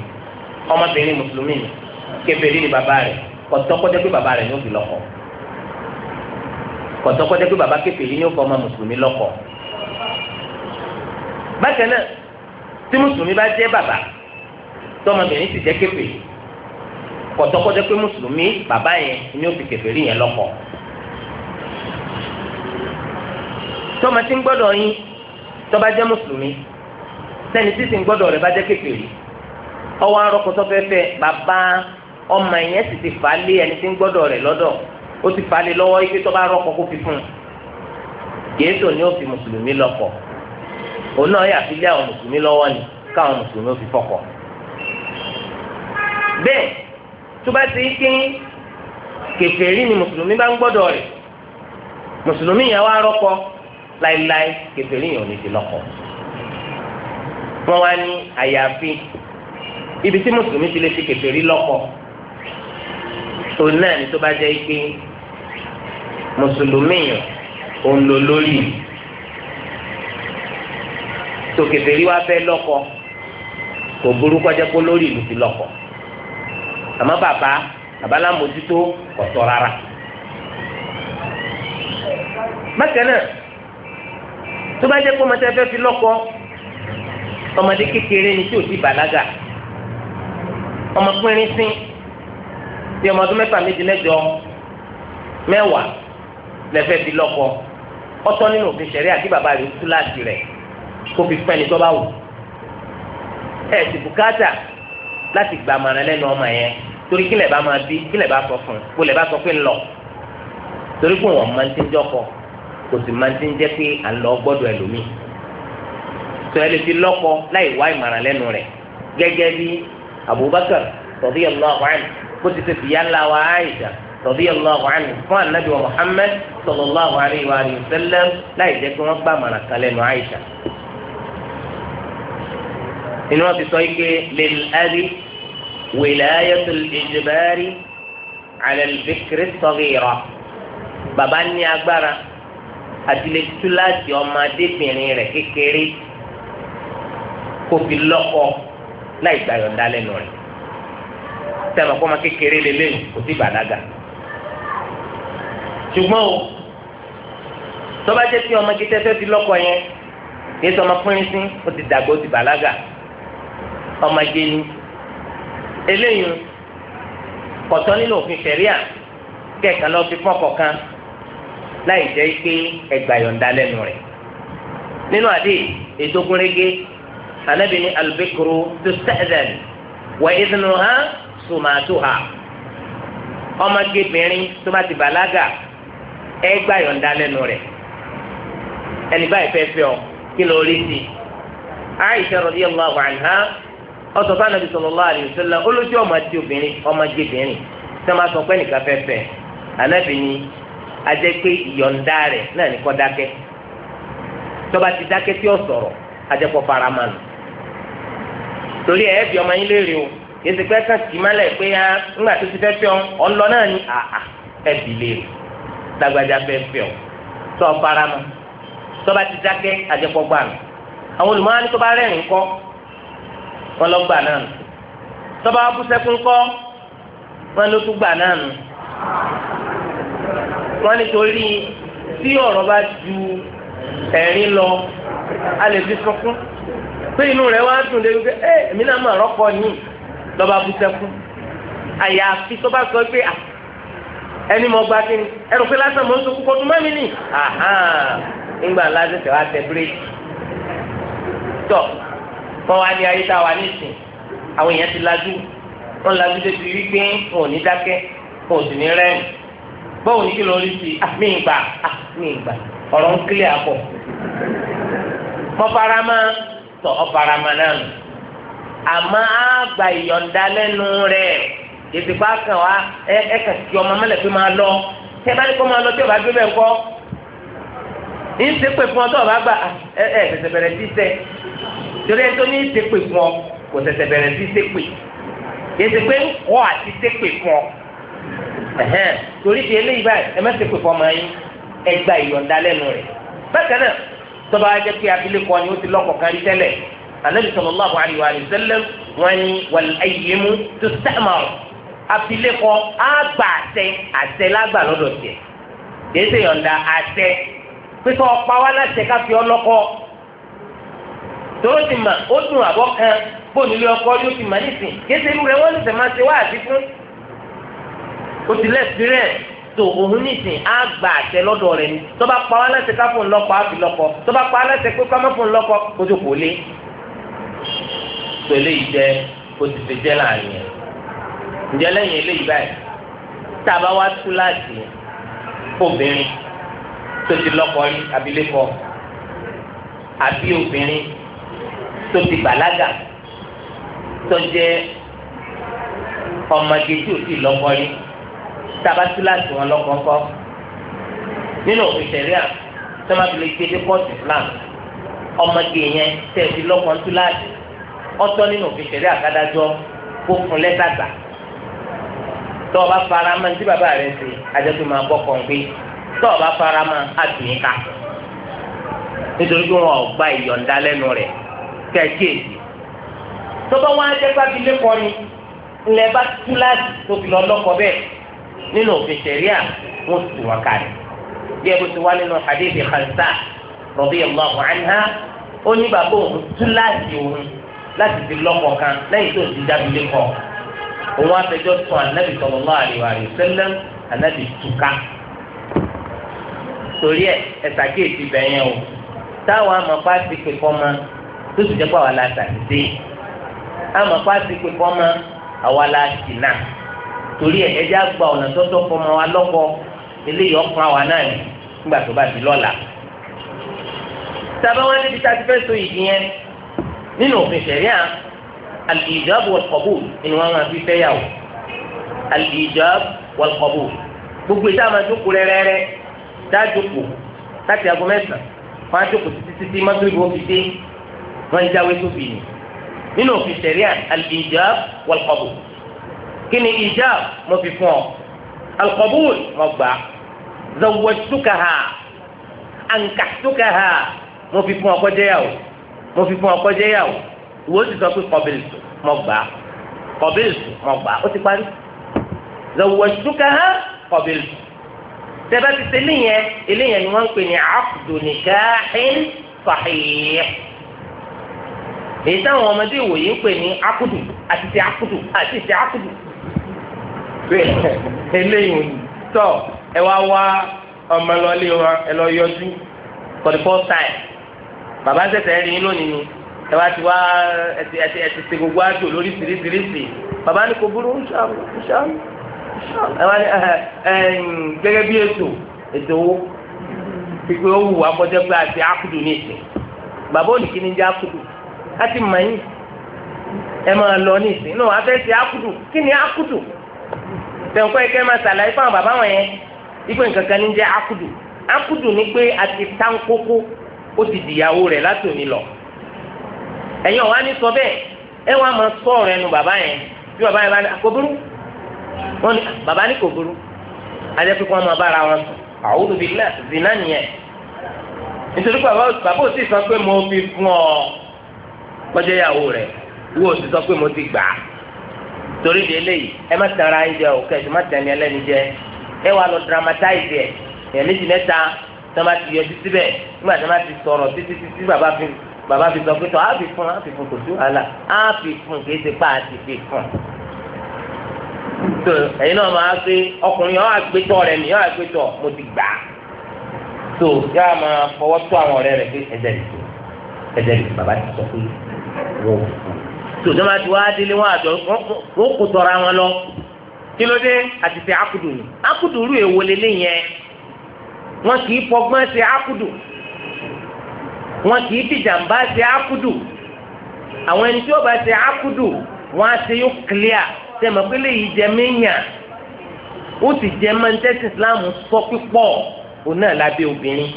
ọmọbìnrin mùsùlùmí kèfèrí ni bàbá rẹ̀ kọtọkọjẹ pé bàbá rẹ̀ ní òbí lọ́kọ kọtọkọjẹ pé bàbá kèfèrí ní òkọ ọmọ musulmi lọ́kọ bákan náà tí mùsùlùmí bá jẹ́ bàbá tọmọbìnrin sì jẹ́ kèfèrí kọtọkọjẹ pé musulmi bàbá yẹn ní òbí kèfèrí yẹn lọ́kọ tọmọ tí ń gbọ́dọ̀ yín tó bá jẹ́ mùsùlùmí sẹni tí sì ń gbọ́dọ̀ rẹ̀ bá jẹ́ kèfèrí ọmọ yẹn sì ti fà á lé ẹni tí ń gbọ́dọ̀ rẹ̀ lọ́dọ̀ ó ti fà á lé lọ́wọ́ ibi tó bá rọ́kọ kó fi fún un jésù ni ó fi mùsùlùmí lọ́kọ òun náà yà fi lé àwọn mùsùlùmí lọ́wọ́ ni káwọn mùsùlùmí ó fi fọkọ. bẹ́ẹ̀ tó bá ti kí kèfèrí ni mùsùlùmí bá ń gbọ́dọ̀ rẹ̀ mùsùlùmí yẹn wá rọ́kọ láéláé kèfèrí yẹn ò ní ti lọ́kọ. wọ́n wá ní àyàfi ibi tí mùsùlùmí ti lè fi kèfèrí lọ́kọ òun náà ni tó bá jẹ́ pé mùsùlùmí òun lò lórí tòkèfèrí wa fẹ́ lọ́kọ kò burú kọjá kó lórí ìlú ti lọ́kọ àmọ́ bàbá bàbá lámòjútó ọ̀tọ̀ rárá. bákan tó bá jẹ́ pé ọmọdé fẹ́ fi lọ́kọ ọmọdé kékeré ni tí ò ti bàlágà ọmọkùnrin sín tí ọmọ ọdún mẹ́fà méjì mẹ́jọ mẹ́wàá lẹ́fẹ̀ẹ́ fi lọ́kọ ọtọ́ nínú òfin ṣẹ̀rí àti bàbá rẹ̀ tú láti rẹ̀ kó fi fẹ́ ni tó bá wù ẹ̀ sì bùkátà láti gba àmàràn lẹ́nu ọmọ yẹn torí kílẹ̀ bá máa bí kílẹ̀ bá sọ fún un kó lẹ̀ bá sọ pé ń lọ torí pé wọn máa ń ti ń jọkọ kò sì máa ń ti ń jẹ́ pé à ń lọ gbọ́dọ̀ ẹlòmíì tó ẹ lè fi lọ́kọ láì wá ìmàràn lẹ́nu rẹ̀ gẹ́gẹ́ bí Abubakar radiyallahu anhu bó ti ṣe fìyà ńlá wa Aisha radiyallahu anha fún anabi wa Muhammad sallallahu alayhi wa sallam láì jẹ́ pé wọ́n gbà màrà kan lẹ́nu Aisha. inú wọn ti sọ ike lil abi wilayatul ijbari ala al-fikri as-saghira ní agbára àti lè ọmọdébìnrin rẹ̀ kékeré kó fi lọ́kọ láì gbàyọ̀ndá lẹ́nu rẹ̀ sẹ́mi ọkọ ma kékeré lélẹ̀ kò sí bàdágà ṣùgbọ́n o tọ́ba jẹ́ pé ọmọ kí tẹ́tẹ́ ti lọ́kọ yẹn kí sọmọ pínrín sí ó ti dàgbà ó ti bàlágà ọmọ jẹ́ ni eléyìí kọ̀tọ́ nínú òfin ṣẹ̀ríà kẹ̀kẹ́ lọ fi pọ́n kọ̀ọ̀kan láì jẹ́ pé ẹgbà yọ̀ǹda lẹ́nu rẹ̀ nínú àdé ètò gúnrégé anábìíní albikuru tó sẹ́ẹ̀dẹ̀n wà ìdùnnú hàn sumatuha ọmọdébìnrin tó bá ti bàlágà ẹ gbà yọ̀ǹda lẹ́nu rẹ̀ ẹni báyìí fẹ́ fẹ́ ọ kí ló rí sí i. Aisha radiyallahu anha ọsọ fún anabi sallallahu alayhi sallam olójú ọmọdé obìnrin ọmọdébìnrin tí wọ́n bá sọ pé nìkan fẹ́ fẹ́ anabi ni ajẹ́ pé ìyọ̀ǹda rẹ̀ náà ní kó dákẹ́ tó bá ti dákẹ́ tí ó sọ̀rọ̀ ajẹ́ kó faramá nù torí ẹ̀ ẹ́ bí ọmọ yín léèrè o èsì pé ká sì má lẹ̀ pé ńgbà tó ti fẹ́ fẹ́ ọ ọlọ náà ni àà ẹbí lè dàgbàjà fẹ́ fẹ́ ọ tọ́ faramọ́ tọ́ba ti dákẹ́ àjẹpọ̀ gbà nù àwọn olùmọ̀ọ́ ni tọ́ba rẹ́rìn kọ́ wọn lọ gbà náà nù tọ́ba bú sẹ́kún kọ́ wọn ló tún gbà náà nù wọn nítorí tí ọ̀rọ̀ bá ju ẹ̀rín lọ a lè fi sunkún pé inú rẹ̀ wá dùn lé wípé ẹ̀ èmi náà mà rọ́pò yìí lọ́ba bú sẹ́kún àyàfi tó bá sọ pé ẹni mọ̀ gba kí ni ẹnu pé lásán mọ̀ ń sọkú kọ́tún mẹ́mi nì ńgbà lásán tẹ̀ wá tẹ bírèkì tọ̀ wọ́n wá ní ayé tá a wà nísìn àwọn èèyàn ti lajú wọ́n lajú débi wípé wọn ò ní dákẹ́ wọn ò sì ní rẹ́rìn bọ́ọ̀ ní kí ló rí sí àmì ìgbà àmì ìgbà ọ̀rọ̀ ń kílẹ̀ àbọ̀ mọ́ fara máa tọ̀ ọ́ fara máa náà nù àmọ́ á gba ìyọ̀ǹda lẹ́nu rẹ̀ ìsìnkú akàn wa ẹ ẹ kàn ti ọmọ mẹlẹ fi máa lọ tẹ bá ní kó máa lọ tí ọba gbé bẹ́ẹ̀ kọ́ ní ṣe pè fún ọ tó ọba gbà ẹ ẹ ṣẹ̀ṣẹ̀ bẹ̀rẹ̀ sí ṣe torí ẹ tó ní ṣe pè fún ọ kò ṣẹ̀ṣẹ̀ bẹ̀rẹ̀ sí ṣe pè yẹtù pé ń àti ṣe pè fún ọ torí ti eléyìí báyìí ẹ má pè fún ọmọ yín ẹ gba ìyọ̀ǹda lẹ́nu rẹ̀ bákan náà tọ́ba wa jẹ́ pé abilékọ ni ó ti lọ́kọ̀ọ́ kárí tẹ́lẹ̀ anabi sallallahu alayhi wa sallam wọn ni wàlẹ ayému tó sẹmọ àfilẹkọ àgbà àtẹ àtẹ lágbà lọ́dọ̀ tiẹ kèsè yọ̀ǹda àtẹ pípa ọ̀pá wa láti ẹ̀ka fi ọlọ́kọ ó dùn àbọ̀ kan bónílé ọkọ yóò ti mà nísìn kèsè irú rẹ wọn ní sẹmọ àti wá àti fún o ti tó òun nísìn á gba àtẹ rẹ ni tọ́ba pa wa láti ẹ̀ka fún lọ́kọ á fi lọ́kọ tọ́ba pa wa kò lé tó eléyìí jẹ kó ti fi jẹ láàrin yẹn ǹjẹ́ lẹ́yìn eléyìí báyìí tá a bá wá tú láti obìnrin tó ti lọ́kọ rí abilékọ àbí obìnrin tó ti bàlágà tó jẹ ọmọge tí ò ti lọ́kọ rí tá a bá tú láti wọn lọ́kọ̀ọ́kọ́ nínú òfin ṣẹ̀ríà tó má fi lè gbé dé pọ́ọ̀tù Islam ọmọge yẹn tẹ̀ ti lọ́kọ̀ọ́ tú láti ọ̀tọ̀ nínú òfin ṣẹlẹ̀ àgádájọ́ kó fún lẹ́tà gbà tọ́ ọ bá fara mọ́ ní tí bàbá rẹ̀ ṣe ajẹ́pé máa bọ́ kàn gbé tọ́ ọ bá fara mọ́ àtúnyíká nítorí pé wọn ò gba ìyọ̀ǹda lẹ́nu rẹ̀ kẹ́kẹ́ẹ̀sì tọ́ba wọn ajẹ́pá fi lé kọ́ ni ilẹ̀ bá túláàsì tó fi lọ lọ́kọ̀ bẹ́ẹ̀ nínú òfin ṣẹ̀ríà wọn sì wọn kárẹ̀ bí ẹ bó ti wá nínú hadith Khalsa radiyallahu anha ó ní bàbá òun túláàsì òun láti fi lọ́kọ̀ kan lẹ́yìn tó ti dábì lẹ́kọ̀ òun afẹjọ́ tún anabi sallallahu alaihi wa sallam anabi túká torí ẹ ẹ̀sà kéèsì bẹ̀yẹn o táwọn amọ̀pá ti pè kọ́ ma tó sì jẹ́ pé àwa la tàdídé amọ̀pá ti pè kọ́ ma àwa la tìǹà torí ẹ ẹjẹ́ àgbà ọ̀nà tọ́tọ́ kọ́ ma wa lọ́kọ̀ eléyìí ọkùn àwa náà nígbà tó bá di lọ́la. sábà wọn níbi tá a ti fẹ́ so ìdí yẹn nínú òfin ṣẹ̀ríà al-ijab wal-qabul inú wọn máa fi fẹ́ yàwó al-ijab wal-qabul gbogbo ìta máa jókòó rẹ́rẹ́rẹ́ tá a jókòó láti aago mẹ́sàn-án wọn á jókòó títí títí mọ́tòlùbọ̀ fi dé wọn ń jáwé tó bì ní nínú òfin ṣẹ̀ríà al-ijab wal-qabul kí ni ijab mo fi fún ọ al mo gbà zawwajtukaha ankahtukaha mo fi fún ọ kọjá yàwó mo fi fún ọkọ jẹ́ yàwó ìwọ ti sọ pé kọ̀bìlìtù mo gbà á kọ̀bìlìtù mo gbà á ó ti parí lọ́wọ́sùkà hàn kọ̀bìlìtù tẹ́bá ti ṣe níyẹn eléyẹn ni wọ́n ń pè ní aqdu nikahin sahih èyí táwọn ọmọdé ìwòye ń pè ní akudu àti ti akudu àti ti akudu eléyìí tọ ẹ wá wá ọmọ lọlé ẹ lọ yọjú for the first time bàbá sẹ̀sẹ̀ rí inú ni ni ẹ bá ti wá ẹtì ẹtì ẹtì ṣe gbogbo àjò lórí ṣìríṣìíríṣì bàbá ní kò burú ṣàmù ṣàmù ṣàmù ẹ wá ní gẹ́gẹ́ bí ètò ètò owó pípé ó wù àti akudu ní ìsìn bàbá òní kí ni jẹ́ akudu láti mọ̀ yín ẹ máa lọ ní ìsìn náà afẹ́ ṣe akudu kí ni akudu tẹ̀kọ́ ẹ̀kẹ́ máa ṣàlàyé fáwọn bàbá wọn yẹn ipe nǹkan kan ní jẹ́ akudu akudu ni pé àti táǹkókó ó sì dìyàwó rẹ̀ láti òní lọ ẹ̀yin ọ̀wá ní sọ bẹ́ẹ̀ ẹ wọ́n á máa sọ ọ̀rọ̀ ẹnu bàbá yẹn bí bàbá yẹn bá ní kò burú wọ́n ní bàbá ní kò burú adé pé kí wọ́n máa bára wọn sùn àwùjọ bíi zina nítorí pé bàbá ò sì mo fi fún ọ kọjá ìyàwó ò sì sọ pé mo ti gbà á torí de eléyìí o kẹ̀sì má tẹ̀ ẹni ẹlẹ́ni jẹ ẹ wà dramatize ẹ tọ́ba ti yọjú síbẹ̀ nígbà tọ́ba ti sọ̀rọ̀ títí títí bàbá fi bàbá fi sọ pé tọ́ àfi fún àfi fún kò sí wàhálà àfi fún kì í ṣe pa àti fi fún. tó ẹ̀yin náà máa ṣe ọkùnrin yóò àgbétọ̀ rẹ̀ mi yóò àgbétọ̀ mo ti gbà á. tó yóò máa fọwọ́ tó àwọn ọ̀rẹ́ rẹ̀ pé ẹ̀jẹ̀ rẹ̀ tó ẹ̀jẹ̀ rẹ̀ bàbá ti sọ pé wọ́n fún un. tó tọ́ba ti wá délé wọn àjọ wọn kò tọ́ra wọn lọ kí ló dé àti fi akudu ni akudu rú èwo lélẹ́yìn yẹn wọn kì í fọgbọ́n ṣe ákùdù wọn kì í dìjàmbá ṣe ákùdù àwọn ẹni tí ó bá ṣe ákùdù wọn á ṣe yóò kílíà tẹmọ pé léyìí jẹ méyà ó sì jẹ mọ́ńtẹ́sì islam sọ pípọ̀ òun náà lábẹ́ obìnrin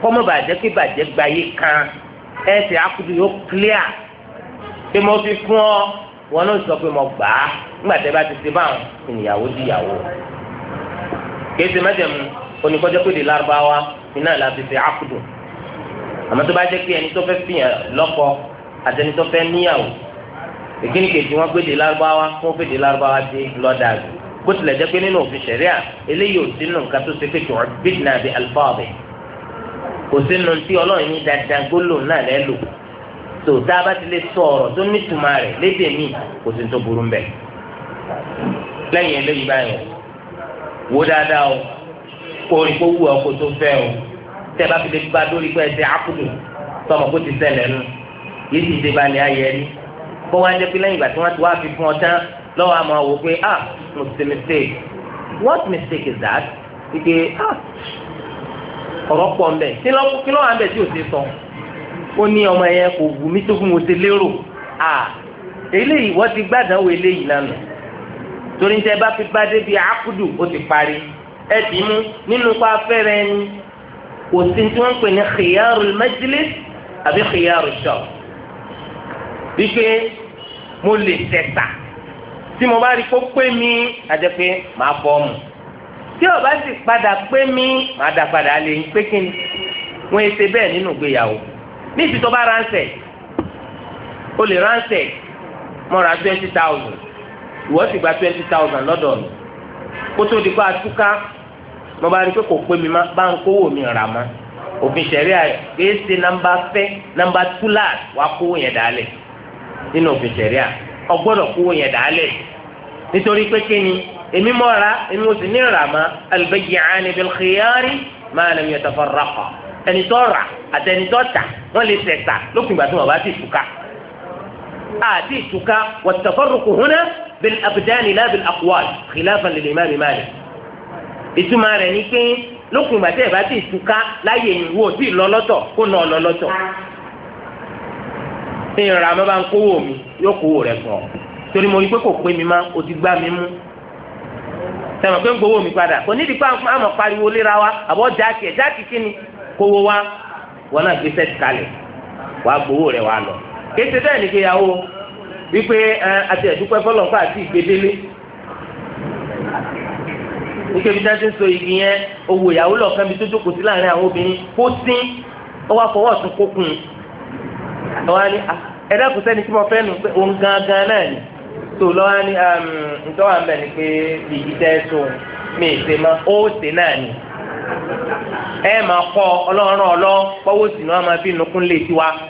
kọ́mọ bàjẹ́ pé bàjẹ́ gbayé kan ẹ ṣe ákùdù yóò kílíà pé mo fi fún ọ wọn náà sọ pé mo gbà á nígbà tẹ bá ti ṣe báwọn ìyàwó di ìyàwó kì í ṣe mẹ́tẹ̀mú oníkọ́jọ́ pé di lárúbáwá iná la fi fi ákùdù àmọ́ tó bá jẹ́ pé ẹni tó fẹ́ fìyàn lọ́kọ àti ẹni tó fẹ́ níyàwó ìkíni kejì wọn pé di lárúbáwá fún pé di lárúbáwá dé lọ́dà rẹ̀ bó tilẹ̀ jẹ́ pé nínú òfin ṣẹ̀ríà eléyìí ò sínú nǹkan tó ṣe pé tó bídìnnà àbí alifáàbẹ̀ kò sínú tí ọlọ́run ní dandan gbólóhùn náà lẹ́ lò tó tá bá ti sọ ọ̀rọ̀ tó nítumọ̀ rẹ̀ lédè míì kò sí tó burú mbẹ̀ lẹ́yìn eléyìí báyìí wò dáadáa o kó kó wù ọ tó fẹ́ o tẹ́ bá fi lè gba lórí pé ẹsẹ̀ ákùdù tọmọ kó ti ṣẹlẹ̀ nù yìí ti dé balẹ̀ ayẹ ni kó wá jẹ́ pé lẹ́yìn ìgbà tí wọ́n ti wá fi fún ọ tán lọ́wọ́ àmọ́ wò pé ah mo ti mistake what mistake is that? ike ah ọ̀rọ̀ pọ̀ ń bẹ̀ kí ló wà ń bẹ̀ tí o ti sọ ó ní ọmọ yẹn kò wù mí tó fún mo ti lérò ah eléyìí wọ́n ti gbàdánwò eléyìí lánàá torí ń tẹ́ bá fi bá débi àkùdù ó ti parí ẹdì mú nínú pa afẹ́rẹ́ ẹni kò sí tí wọ́n ń pè ní khiyarul majlis àbí khiyarul shop wípé mo lè tẹ̀sà tí mo bá rí kó pé mi àjẹpé màá bọ́ mu tí o bá sì padà pé mi màá dà padà lè ń pé kí ni wọ́n ẹ ṣe bẹ́ẹ̀ nínú ìgbéyàwó ní ìsìtọ́ bá ránṣẹ́ o lè ránṣẹ́ mọ́ra twenty thousand ìwọ gba twenty thousand lọ́dọ̀ mi kótó di pa àtúká mo bá rí i pé kò pé mi má bá ń kówó mi rà mọ́ òfin ṣẹ̀ríà kìí ṣe nàmbà fẹ́ nàmbà túláàt wàá kówó yẹn dálẹ̀ nínú òfin ṣẹ̀ríà ọgbọ́dọ̀ kówó yẹn dálẹ̀ nítorí pé kí ni èmi mọ́ra èmi ò sì ní rà mọ́ al-bayyi'ani bil-khiyari ma lam yatafarraqa ẹni tó rà àti ẹni tà wọ́n lè tẹ̀ta lókùn ìgbà tí wọ́n bá ti túká àti ìtúká wa at-tafarruqu huna بالأبدان لا بالأقوال خلافا للإمام مالك ìtumọ̀ rẹ̀ ni pé lókun ìgbà tí ẹ̀ bá ti túká láyé ìwò tí lọ́lọ́tọ̀ kó nà ọ́ lọ́lọ́tọ̀ ìrìn àmọ́ bá ń kówó mi yóò kówó rẹ̀ fún ọ torí mo rí pé kò pé mi má o ti gbá mi mú tẹ̀wọ̀n pé ń gbowó mi padà kò ní ìdí pa àmọ̀ pariwo léra wa àbọ̀ jáàkì ẹ̀ jáàkì kí ni kówó wa wọn náà gbé sẹ́ẹ̀tì kalẹ̀ wàá gbowó rẹ̀ wàá lọ kéṣe bẹ́ẹ̀ ni pé yàwó wípé àti ẹ̀dúpẹ́ fọlọ́nfà àti ìgbédélé wípé bí dáńtí ń so igi yẹn owó ìyàwó lọ́ọ̀kan bí tó jókòó sí láàrin àwọn obìnrin kó sín ó wá fọwọ́ ọ̀tún kó kùn kò sẹ́ni tí mo fẹ́ nu pé òun gangan náà ni tó lọ́wọ́ ní ntọ́wà um, ń bẹ̀ ni pé igi tẹ́ so mi mọ́ ó sè náà ni ẹ máa kọ́ ọlọ́run ọlọ́ pọ́wọ́sì ni wọ́n máa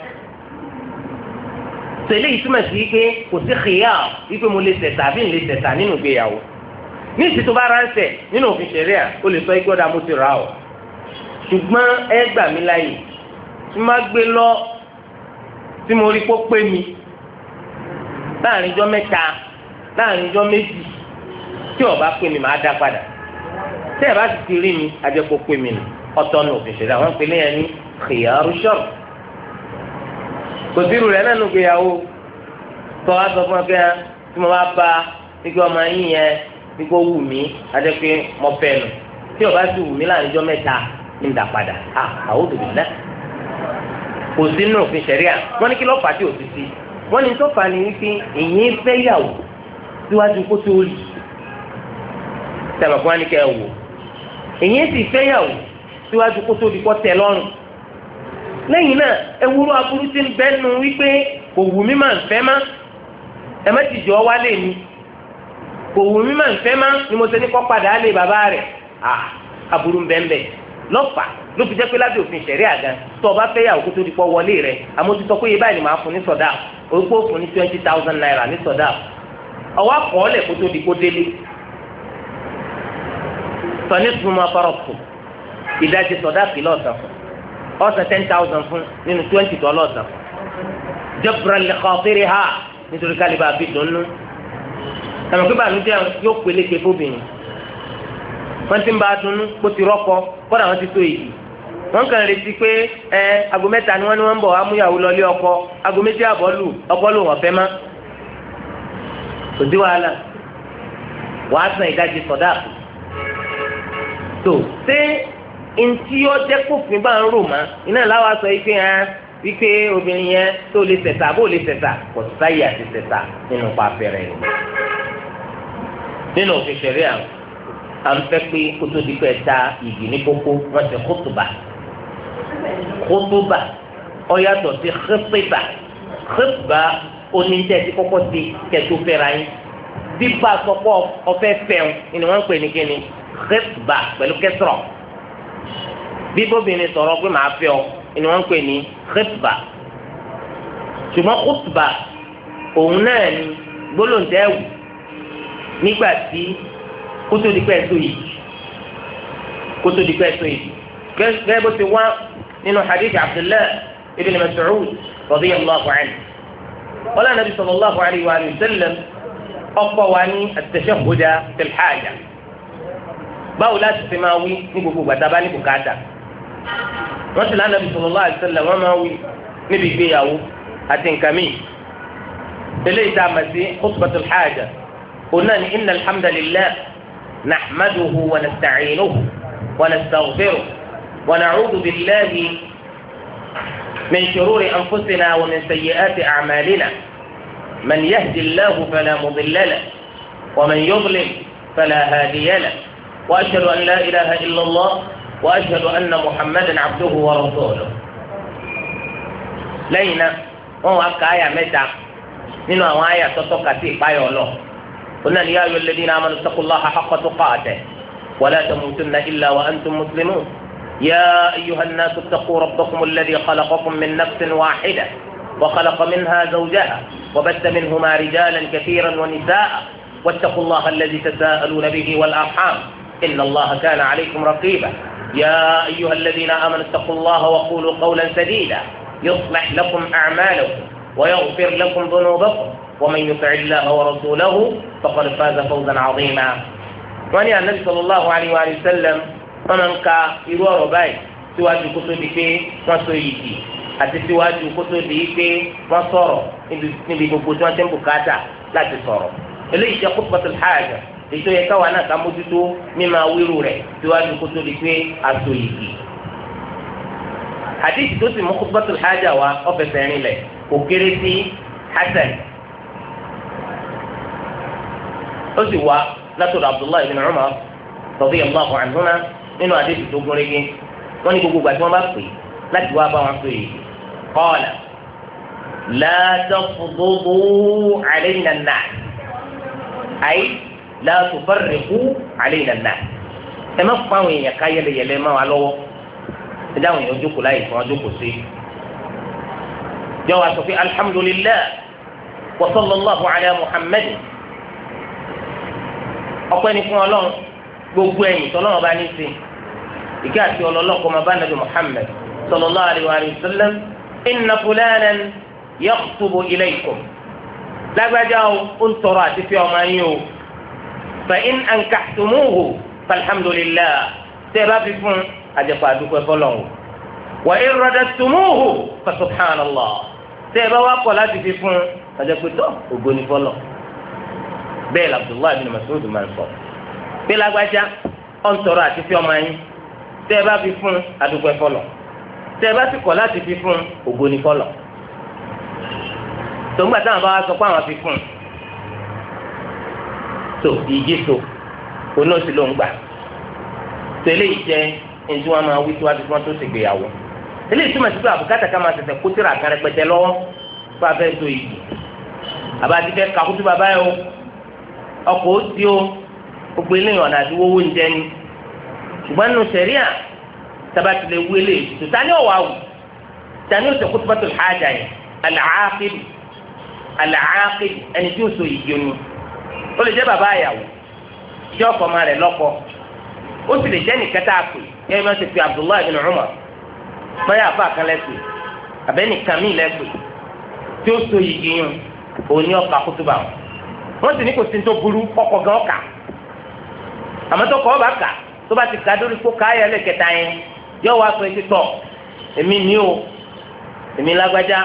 tẹ̀lé ìtumọ̀ sí pé kò sí xìyà wípé mo lè tẹ̀sà àbí n lè tẹ̀sà nínú ìgbéyàwó ní ìsìtò bá ránṣẹ́ nínú òfin ṣẹ̀ríà o lè sọ ikú ọ̀dà mo ti rà ọ́ ṣùgbọ́n ẹ gbà mí láyè tí má gbé lọ tí mo rí kó pé mi láàrin ijọ́ mẹ́ta láàrin ijọ́ méjì tí ó pé mi màá dá padà tẹ́ ẹ bá sì ti rí mi ajẹ́kó pé mi ọ̀tọ̀ nù òfin ṣẹ̀ríà wọ́n pe léyìn ní xìyà rúṣọ́rù kò sírù rẹ̀ náà nùgbéyàwó kọ́ wa sọ fún ọ pé tí mo bá bá ike ọmọ yín yẹn ike wù mí adé pé mo fẹ́ nù tí o bá sì wù mí láàrin ijọ́ mẹ́ta ń dà padà àwọn òbí náà kò sí nù òfin ṣẹ̀ríà wọ́n ní kí lọ́ọ́ pàtí òfin sí wọ́n ní tó fà ní wípé èyí fẹ́ yàwó síwájú kó tó rí tẹ̀lọ̀kùn á ní kẹ́ ẹ̀ wò èyí sì fẹ́ yàwó síwájú kó tó di kọ́ tẹ̀ lọ́rùn lẹ́yìn náà ewúro aburú ti ń bẹ́nu wípé kò wù mí máa ń fẹ́ má ẹ má ti jọ wálé mi kò wù máa ń fẹ́ má ni mo ṣe ní kọ́ padà á lé bàbá rẹ̀ ah aburú ń bẹ́ẹ̀ bẹ́ẹ̀ lọ́fà ló fi jẹ́ pé lábẹ́ òfin ṣẹ̀rí àga tó o fẹ́ yàwó kó tó di pọ̀ wọlé rẹ̀ àmójútó pé yé báyìí ni màá fún ní sọ̀dá orúkọ fún ní twenty thousand naira ní sọ̀dá ọwọ́ àkọọ́lẹ̀ kó tó di kó délé sọ ní túnmọ̀ afárọ̀kù ìdajì sọ̀dá kìlọ̀ ọ̀sán fún ọ̀sán ten thousand fún nínú twenty tó ọlọ́sàn jabran li khatiriha nítorí kálíbà bí dùnú àmọ́ pé bàánújẹ́ yóò peléke fóbìnrin wọ́n ti ń bá a kó ti rọ́kọ kọ́dà wọ́n ti tó èyí kàn retí pé ẹ ni amúyàwó ọkọ aago méjì àbọ̀ lù ọkọ má ntí yóò jẹ́ kófin bá ń rò mọ́ iná láwa sọ yìí pé hàn wípé obìnrin yẹn tó lè tẹ̀sà bó lè tẹ̀sà kò sáyè àti tẹ̀sà nínú pàfẹ́rẹ́ rẹ̀ nínú òfin ṣẹ̀ríà à ń fẹ́ pé kótó di pé ta ìgbì ní kókó wọ́n ti kótóbà kótóbà ó yàtọ̀ sí xépébà xépébà oníjẹ́ ti kọ́kọ́ ti kẹtó fẹ́ra yín bíbá sọ́kọ́ ọ̀fẹ́ fẹ́ràn ni wọ́n ń pè ní kíni xépébà pẹ̀lú kẹsàn-án bíbóbìnrin sọ̀rọ̀ pé màá fẹ́ ọ ni wọ́n ń pè ní khutba ṣùgbọ́n khutba òun náà ni gbólóńtẹ́wù nígbà tí kótó di pẹ́ tó yìí kótó di pẹ́ tó yìí gẹ́gẹ́ bó ti wá nínú hadith abdullahi ibn mas'ud radiyallahu anhu wala nabi sallallahu alayhi wa sallam ọ̀pọ̀ wa ní at-tashahhud fil báwo láti fi máa wí ní gbogbo gbàdábá ní bùkátà. wọ́n ti lánàá bí sallallahu alaihi wasallam wọ́n máa wí níbi ìgbéyàwó àti nkàmí mìíràn eléyìí tá a mọ̀ sí khutbatul haja òun náà ní inna alhamdulillah nahmaduhu wa nasta'inuhu wa nastaghfiruhu wa na'udhu billahi min shururi anfusina wa min sayyi'ati a'malina man yahdi Allahu fala mudilla lahu wa man yudlil fala hadiya lahu wa ashhadu an la ilaha illa Allah. وأشهد أن محمدا عبده ورسوله لينا هو wọ́n آية متى من àyà mẹ́ta nínú àwọn àyà قلنا يا أيها الذين آمنوا اتقوا الله حق تقاته ولا تموتن إلا وأنتم مسلمون يا أيها الناس اتقوا ربكم الذي خلقكم من نفس واحدة وخلق منها زوجها وبث منهما رجالا كثيرا ونساء واتقوا الله الذي تساءلون به والأرحام إن الله كان عليكم رقيبا يا أيها الذين آمنوا اتقوا الله وقولوا قولا سديدا يصلح لكم أعمالكم ويغفر لكم ذنوبكم ومن يطع الله ورسوله فقد فاز فوزا عظيما وأن النبي صلى الله عليه وآله وسلم ومن كا إروا رباي سواجه كتبك وسويتي àti síwájú kó tó di pé wọ́n sọ̀rọ̀ níbi gbogbo tí wọ́n ti ń bùkátà láti الحاجة ètò yẹ káwa náà ká mójútó mímọ awírù rẹ̀ síwájú kó tó di pé aṣọ yìí. hadith tó sì mú khutbatul haja wa ọ̀fẹ̀sẹ̀ rìn lẹ̀ kò kéré sí hasan ó sì wá látọ̀dọ̀ abdullahi ibn umar radiyallahu anhuma nínú hadith tó gún régé wọ́n ní gbogbo gbàtí wọ́n bá pè láti wá bá wọn pè é kọ́ọ̀là látọ̀fọ̀gbọ̀gbọ̀ àlẹ́ nà àyè láàtò bẹ̀rẹ̀ kú àlẹ́ ìlànà ẹ má fún àwọn èèyàn ká yẹlẹyẹlẹ má wà lọ́wọ́ ẹ dáhùn èèyàn jókòó láyè fún wọn jókòó sí. jọ̀wọ́ àtọ̀fẹ́ alhamdulillah wa sallallahu ala muhammad ọpẹ́ ni fún ọlọ́run gbogbo ẹ̀yìn tọ́lọ́run bá ní sí ìkẹ́ àti ọlọ́lọ́kọ̀ máa bá nàbì muhammad sallallahu alayhi wa sallam inna fulanan yakhtubu ilaykum lágbájá o ń tọrọ àti fi ọmọ yín o fẹ̀yìn ànkàtúmùhù falhamdulilá tẹ́ ẹ bá fi fún àjẹpà àdúgbò ẹ̀fọ́lọ́ o wà á rọ̀dà túmùhù fasubhanallah tẹ́ ẹ bá wà kọ́ láti fi fún àjẹpà tó ògbóni fọlọ́ bẹ́ẹ̀ l'Abdullahi bin Mas'ud máa ń sọ pé lágbájá ọ̀ntọ̀rọ̀ àti fi ọmọ yín tẹ́ ẹ bá fi fún àdúgbò ẹ̀fọ́lọ́ tẹ́ bá ti kọ̀ láti fi fún ògbóni fọlọ́ tòun gbà táwọn bá wá sọ pé àwọn fi fún un so ìyí so òun náà sì ló ń gbà so eléyìí jẹ ntí wọn máa wí tí wọn ti fọ́n tó ti gbéyàwó eléyìí túmọ̀ sí pé àbùkátà ká máa tẹ̀tẹ̀ kó tíra kan rẹpẹtẹ lọ́wọ́ fún abẹ́ so ìyí àbájáde fẹ́ kakutu bàbá yẹ o ọkọ̀ ó ti o gbogbo eléyìí ọ̀nà àti wọ́wọ́ ń jẹni ṣùgbọ́n nínú sẹ̀ríà tabati lè wele ètùtù tani ọ̀wọ́ awù tani ó sọ kó tó bá tó lè ó lè jẹ́ bàbá àyàwó tí ọkọ ọmọ rẹ̀ lọ́kọ ó sì lè jẹ́ nìkan tá a pè ẹ máa ti pe Abdullahi bin Umar báyà àfa kan lẹ́pẹ́ àbẹ́nìkan míì lẹ́pẹ́ tí ó so yìí yun òní ọkà kútùbà wọn wọ́n sì ní kò sí tó burú ọkọ̀ gan ọkà àmọ́ tó kọ́ ọ bá kà tó bá ti kà dórí kó ká ayẹlẹ kẹta yẹn yọ wá sọ etí tọ̀ èmi ní o èmi lágbájá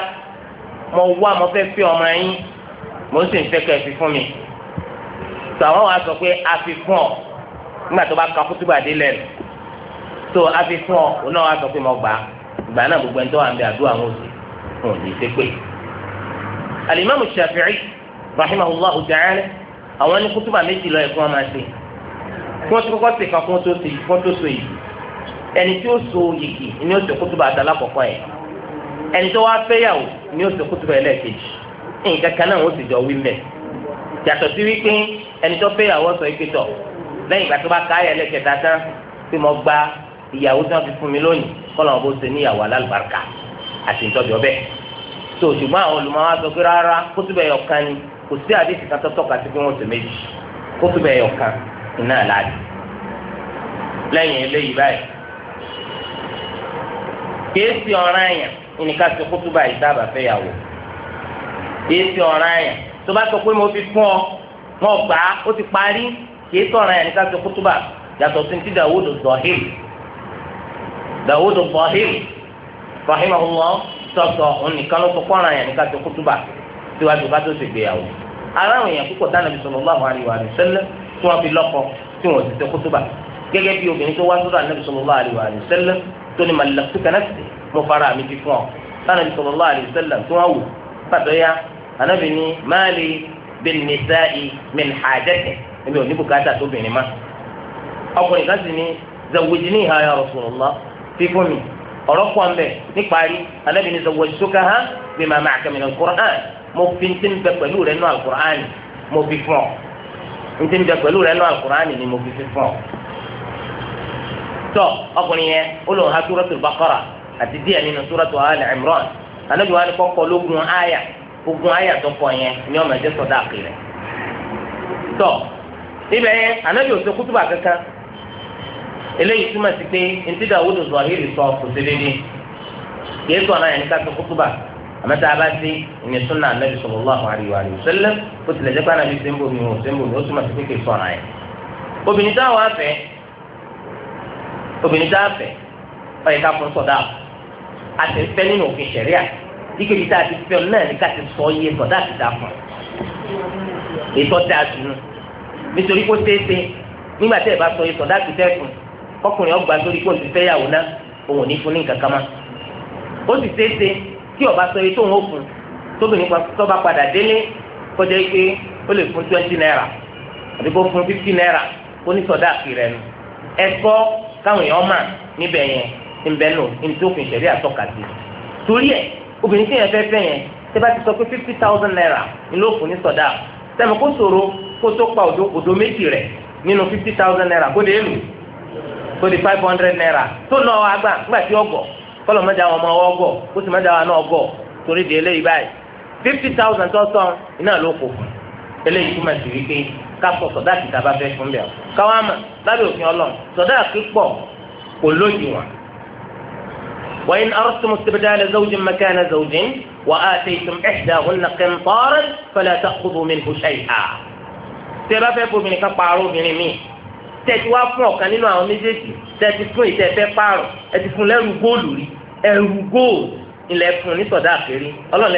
mo wá mo fẹ́ fi ọmọ yín mo sì ń fẹ́ kẹ́ fún mi tó àwọn wa sọ pé àfikún ọ nígbà tó bá ka kútùbà dé lẹ́nu tó àfikún ọ òun náà wa sọ pé mo gbà gbà náà gbogbo ẹni tó wà ń bẹ àdúrà wọn òsì wọn ò ṣe pé. alimami shafi'i rahimahullah ta'ala àwọn ní kútùbà méjì lọ ẹ̀kọ́ máa ṣe kí wọ́n ti kọ́kọ́ ṣe kan kó tó ṣe kó tó so yìí ẹni tí ó so yìí ni ó ṣe kútùbà àtàlà kọ̀ọ̀kan yẹn ẹni tó wá fẹ́yàwó ni ó ṣe kútùbà ẹlẹ́ẹ̀kejì nǹkan kan náà ó sì jọ wí mẹ́ yàtọ̀ sí wípé ẹni tó fẹ́ ìyàwó sọ ike tọ̀ lẹ́yìn ìgbà tó bá ká ayẹyẹ lẹ́kẹ̀ẹ́ta tán tí mo gba ìyàwó tí wọ́n fi fún mi lónìí kọ́lọ̀ wọn bó ṣe ní ìyàwó alálùbáríkà àti ìtọ́jú ọbẹ̀ tó ṣùgbọ́n àwọn olùmọ̀wá sọ pé rárá kó túbẹ̀ yọ kan ni kò sí àdéhùn kan tó tọ́ka sí pé wọ́n ṣe méjì kó túbẹ̀ yọ kan iná láàdì lẹ́yìn eléyìí báyìí kéésì ọ̀ràn àyàn ìníkà sọ kó túbà ìsáàbà fẹ́ yàwó kéésì ọ̀ràn àyàn tó bá sọ pé mo fi fún ọ wọn gbà á ó ti parí kìí tọ̀ràn yẹn nígbà tó kútúbà yàtọ̀ sí ti dàwúdù zọ̀hìl dàwúdù zọ̀hìl rahimahullah tọ̀tọ̀ òun nìkan ló sọ kọ́ràn yẹn nígbà tó kútúbà síwájú bá tó ṣègbéyàwó aráàlú yẹn púpọ̀ dáná bisọ̀ lọ́wọ́ àwọn àríwá rẹ̀ sẹ́lẹ̀ tí wọ́n fi lọ́kọ tí wọ́n ti ṣe kútúbà gẹ́gẹ́ bí obìnrin tó wá sọ́dọ̀ ànábì sọlọ́lá àríwá àríwá sẹ́lẹ̀ tó ní malẹ̀kú kẹ́nẹ́sì mo بالنساء من حاجته èmi ò ní bùkátà tó bìnrin ma ọkùnrin kan sì ní zawujiniha ya Rasulullah fífún mi ọ̀rọ̀ pọ̀ ń bẹ̀ níparí anábì ní zawwajtukaha bima ma'aka min al-Qur'an mo fi ti ń bẹ pẹ̀lú rẹ̀ nù al-Qur'an mo fi fún ọ n ti ń bẹ pẹ̀lú rẹ̀ nù al-Qur'an ni mo fi fi fún ọ. tọ́ ọkùnrin yẹn ha Suratul Baqara àti díẹ̀ nínú Suratu Al-Imran anábì wa ni kọ́kọ́ lógun áyà ogun ayé àtọ́pọ̀ yẹn ni ọmọ ẹ̀jẹ̀ sọ̀dá àpèrè tọ́ ibẹ̀ yẹn anábì òsè kútùbà kankan eléyìí túmọ̀ sí pé ntí dàwúdù zọ̀hírì sọ kò sí dédé kìí sọ̀rọ̀ yẹn nípa pé kútùbà àmọ́tá a bá dé ní súnà anábì sallallahu alaihi wa sallam kó tilẹ̀ jẹ́ pé anábì sẹ́ńbò mi ò sẹ́ńbò mi ó túmọ̀ sí pé kìí sọ̀rọ̀ yẹn obìnrin táwọn afẹ́ obìnrin táwọn afẹ́ ọ̀ ìkejì tá a ti fẹ́ ọ náà ní ká ti sọ iye sọ̀dá àti dàpọ̀ ètò ọ̀tẹ̀ àdùnnú nítorí kó ṣeéṣe nígbà tẹ́ ẹ̀ bá sọ iye sọ̀dá àti fẹ́ẹ̀kùn ọkùnrin ọgbà sórí kó o ti fẹ́ yàwó náà òun ò ní fún ní nǹkan kan mọ́ ó sì ṣeéṣe tí ọba sọ iye tóun ó fún tóbìnrin tó bá padà délé kọjá pé ó lè fún twenty naira àbí kó fún fifty naira kó ní sọ̀dá àfi rẹ̀ nù ẹ̀kọ́ káwọn èèyàn mà níbẹ̀ yẹn ń bẹ́ẹ̀ nù ní tó fi ìṣẹ̀lẹ̀ àtọ́ka sí torí ẹ̀ obìnrin tí yẹn fẹ́ fẹ́ yẹn tẹ́ bá ti sọ pé fifty thousand naira ni ló fún ní sọ̀dá sẹ́mi kó ṣòro kó tó pa òdo méjì rẹ̀ nínú fifty thousand naira kó de èlò kó de five hundred naira tó nà ọ agbá nígbà tí ọgọ kọlọ mọdà wọn ọmọ ọgọ kó sì mọdà wọn náà ọgọ torí di eléyìí báyìí fifty thousand tó sọ iná ló kó eléyìí túmọ̀ sí wípé kápọ̀ sọ̀dá kìtà bá fẹ́ fún bẹ́ẹ̀ káwọn àmọ̀ lábẹ́ òfin ọlọ́run sọ̀dá àkípọ̀ kò lójì wọn وإن أردتم استبدال زوج مكان زوج وآتيتم إحداهن قنطارا فلا تأخذوا منه شيئا تبا فيكو بني كبارو بني مي tẹ̀tí wá fún ọ̀kan nínú àwọn méjèèjì tẹ̀tí fún ìtẹ̀fẹ́ pààrọ̀ ẹ̀tí fún lẹ́rù góòlù rí ẹ̀rù góòlù ilẹ̀ fún ní sọ̀dá àkèrè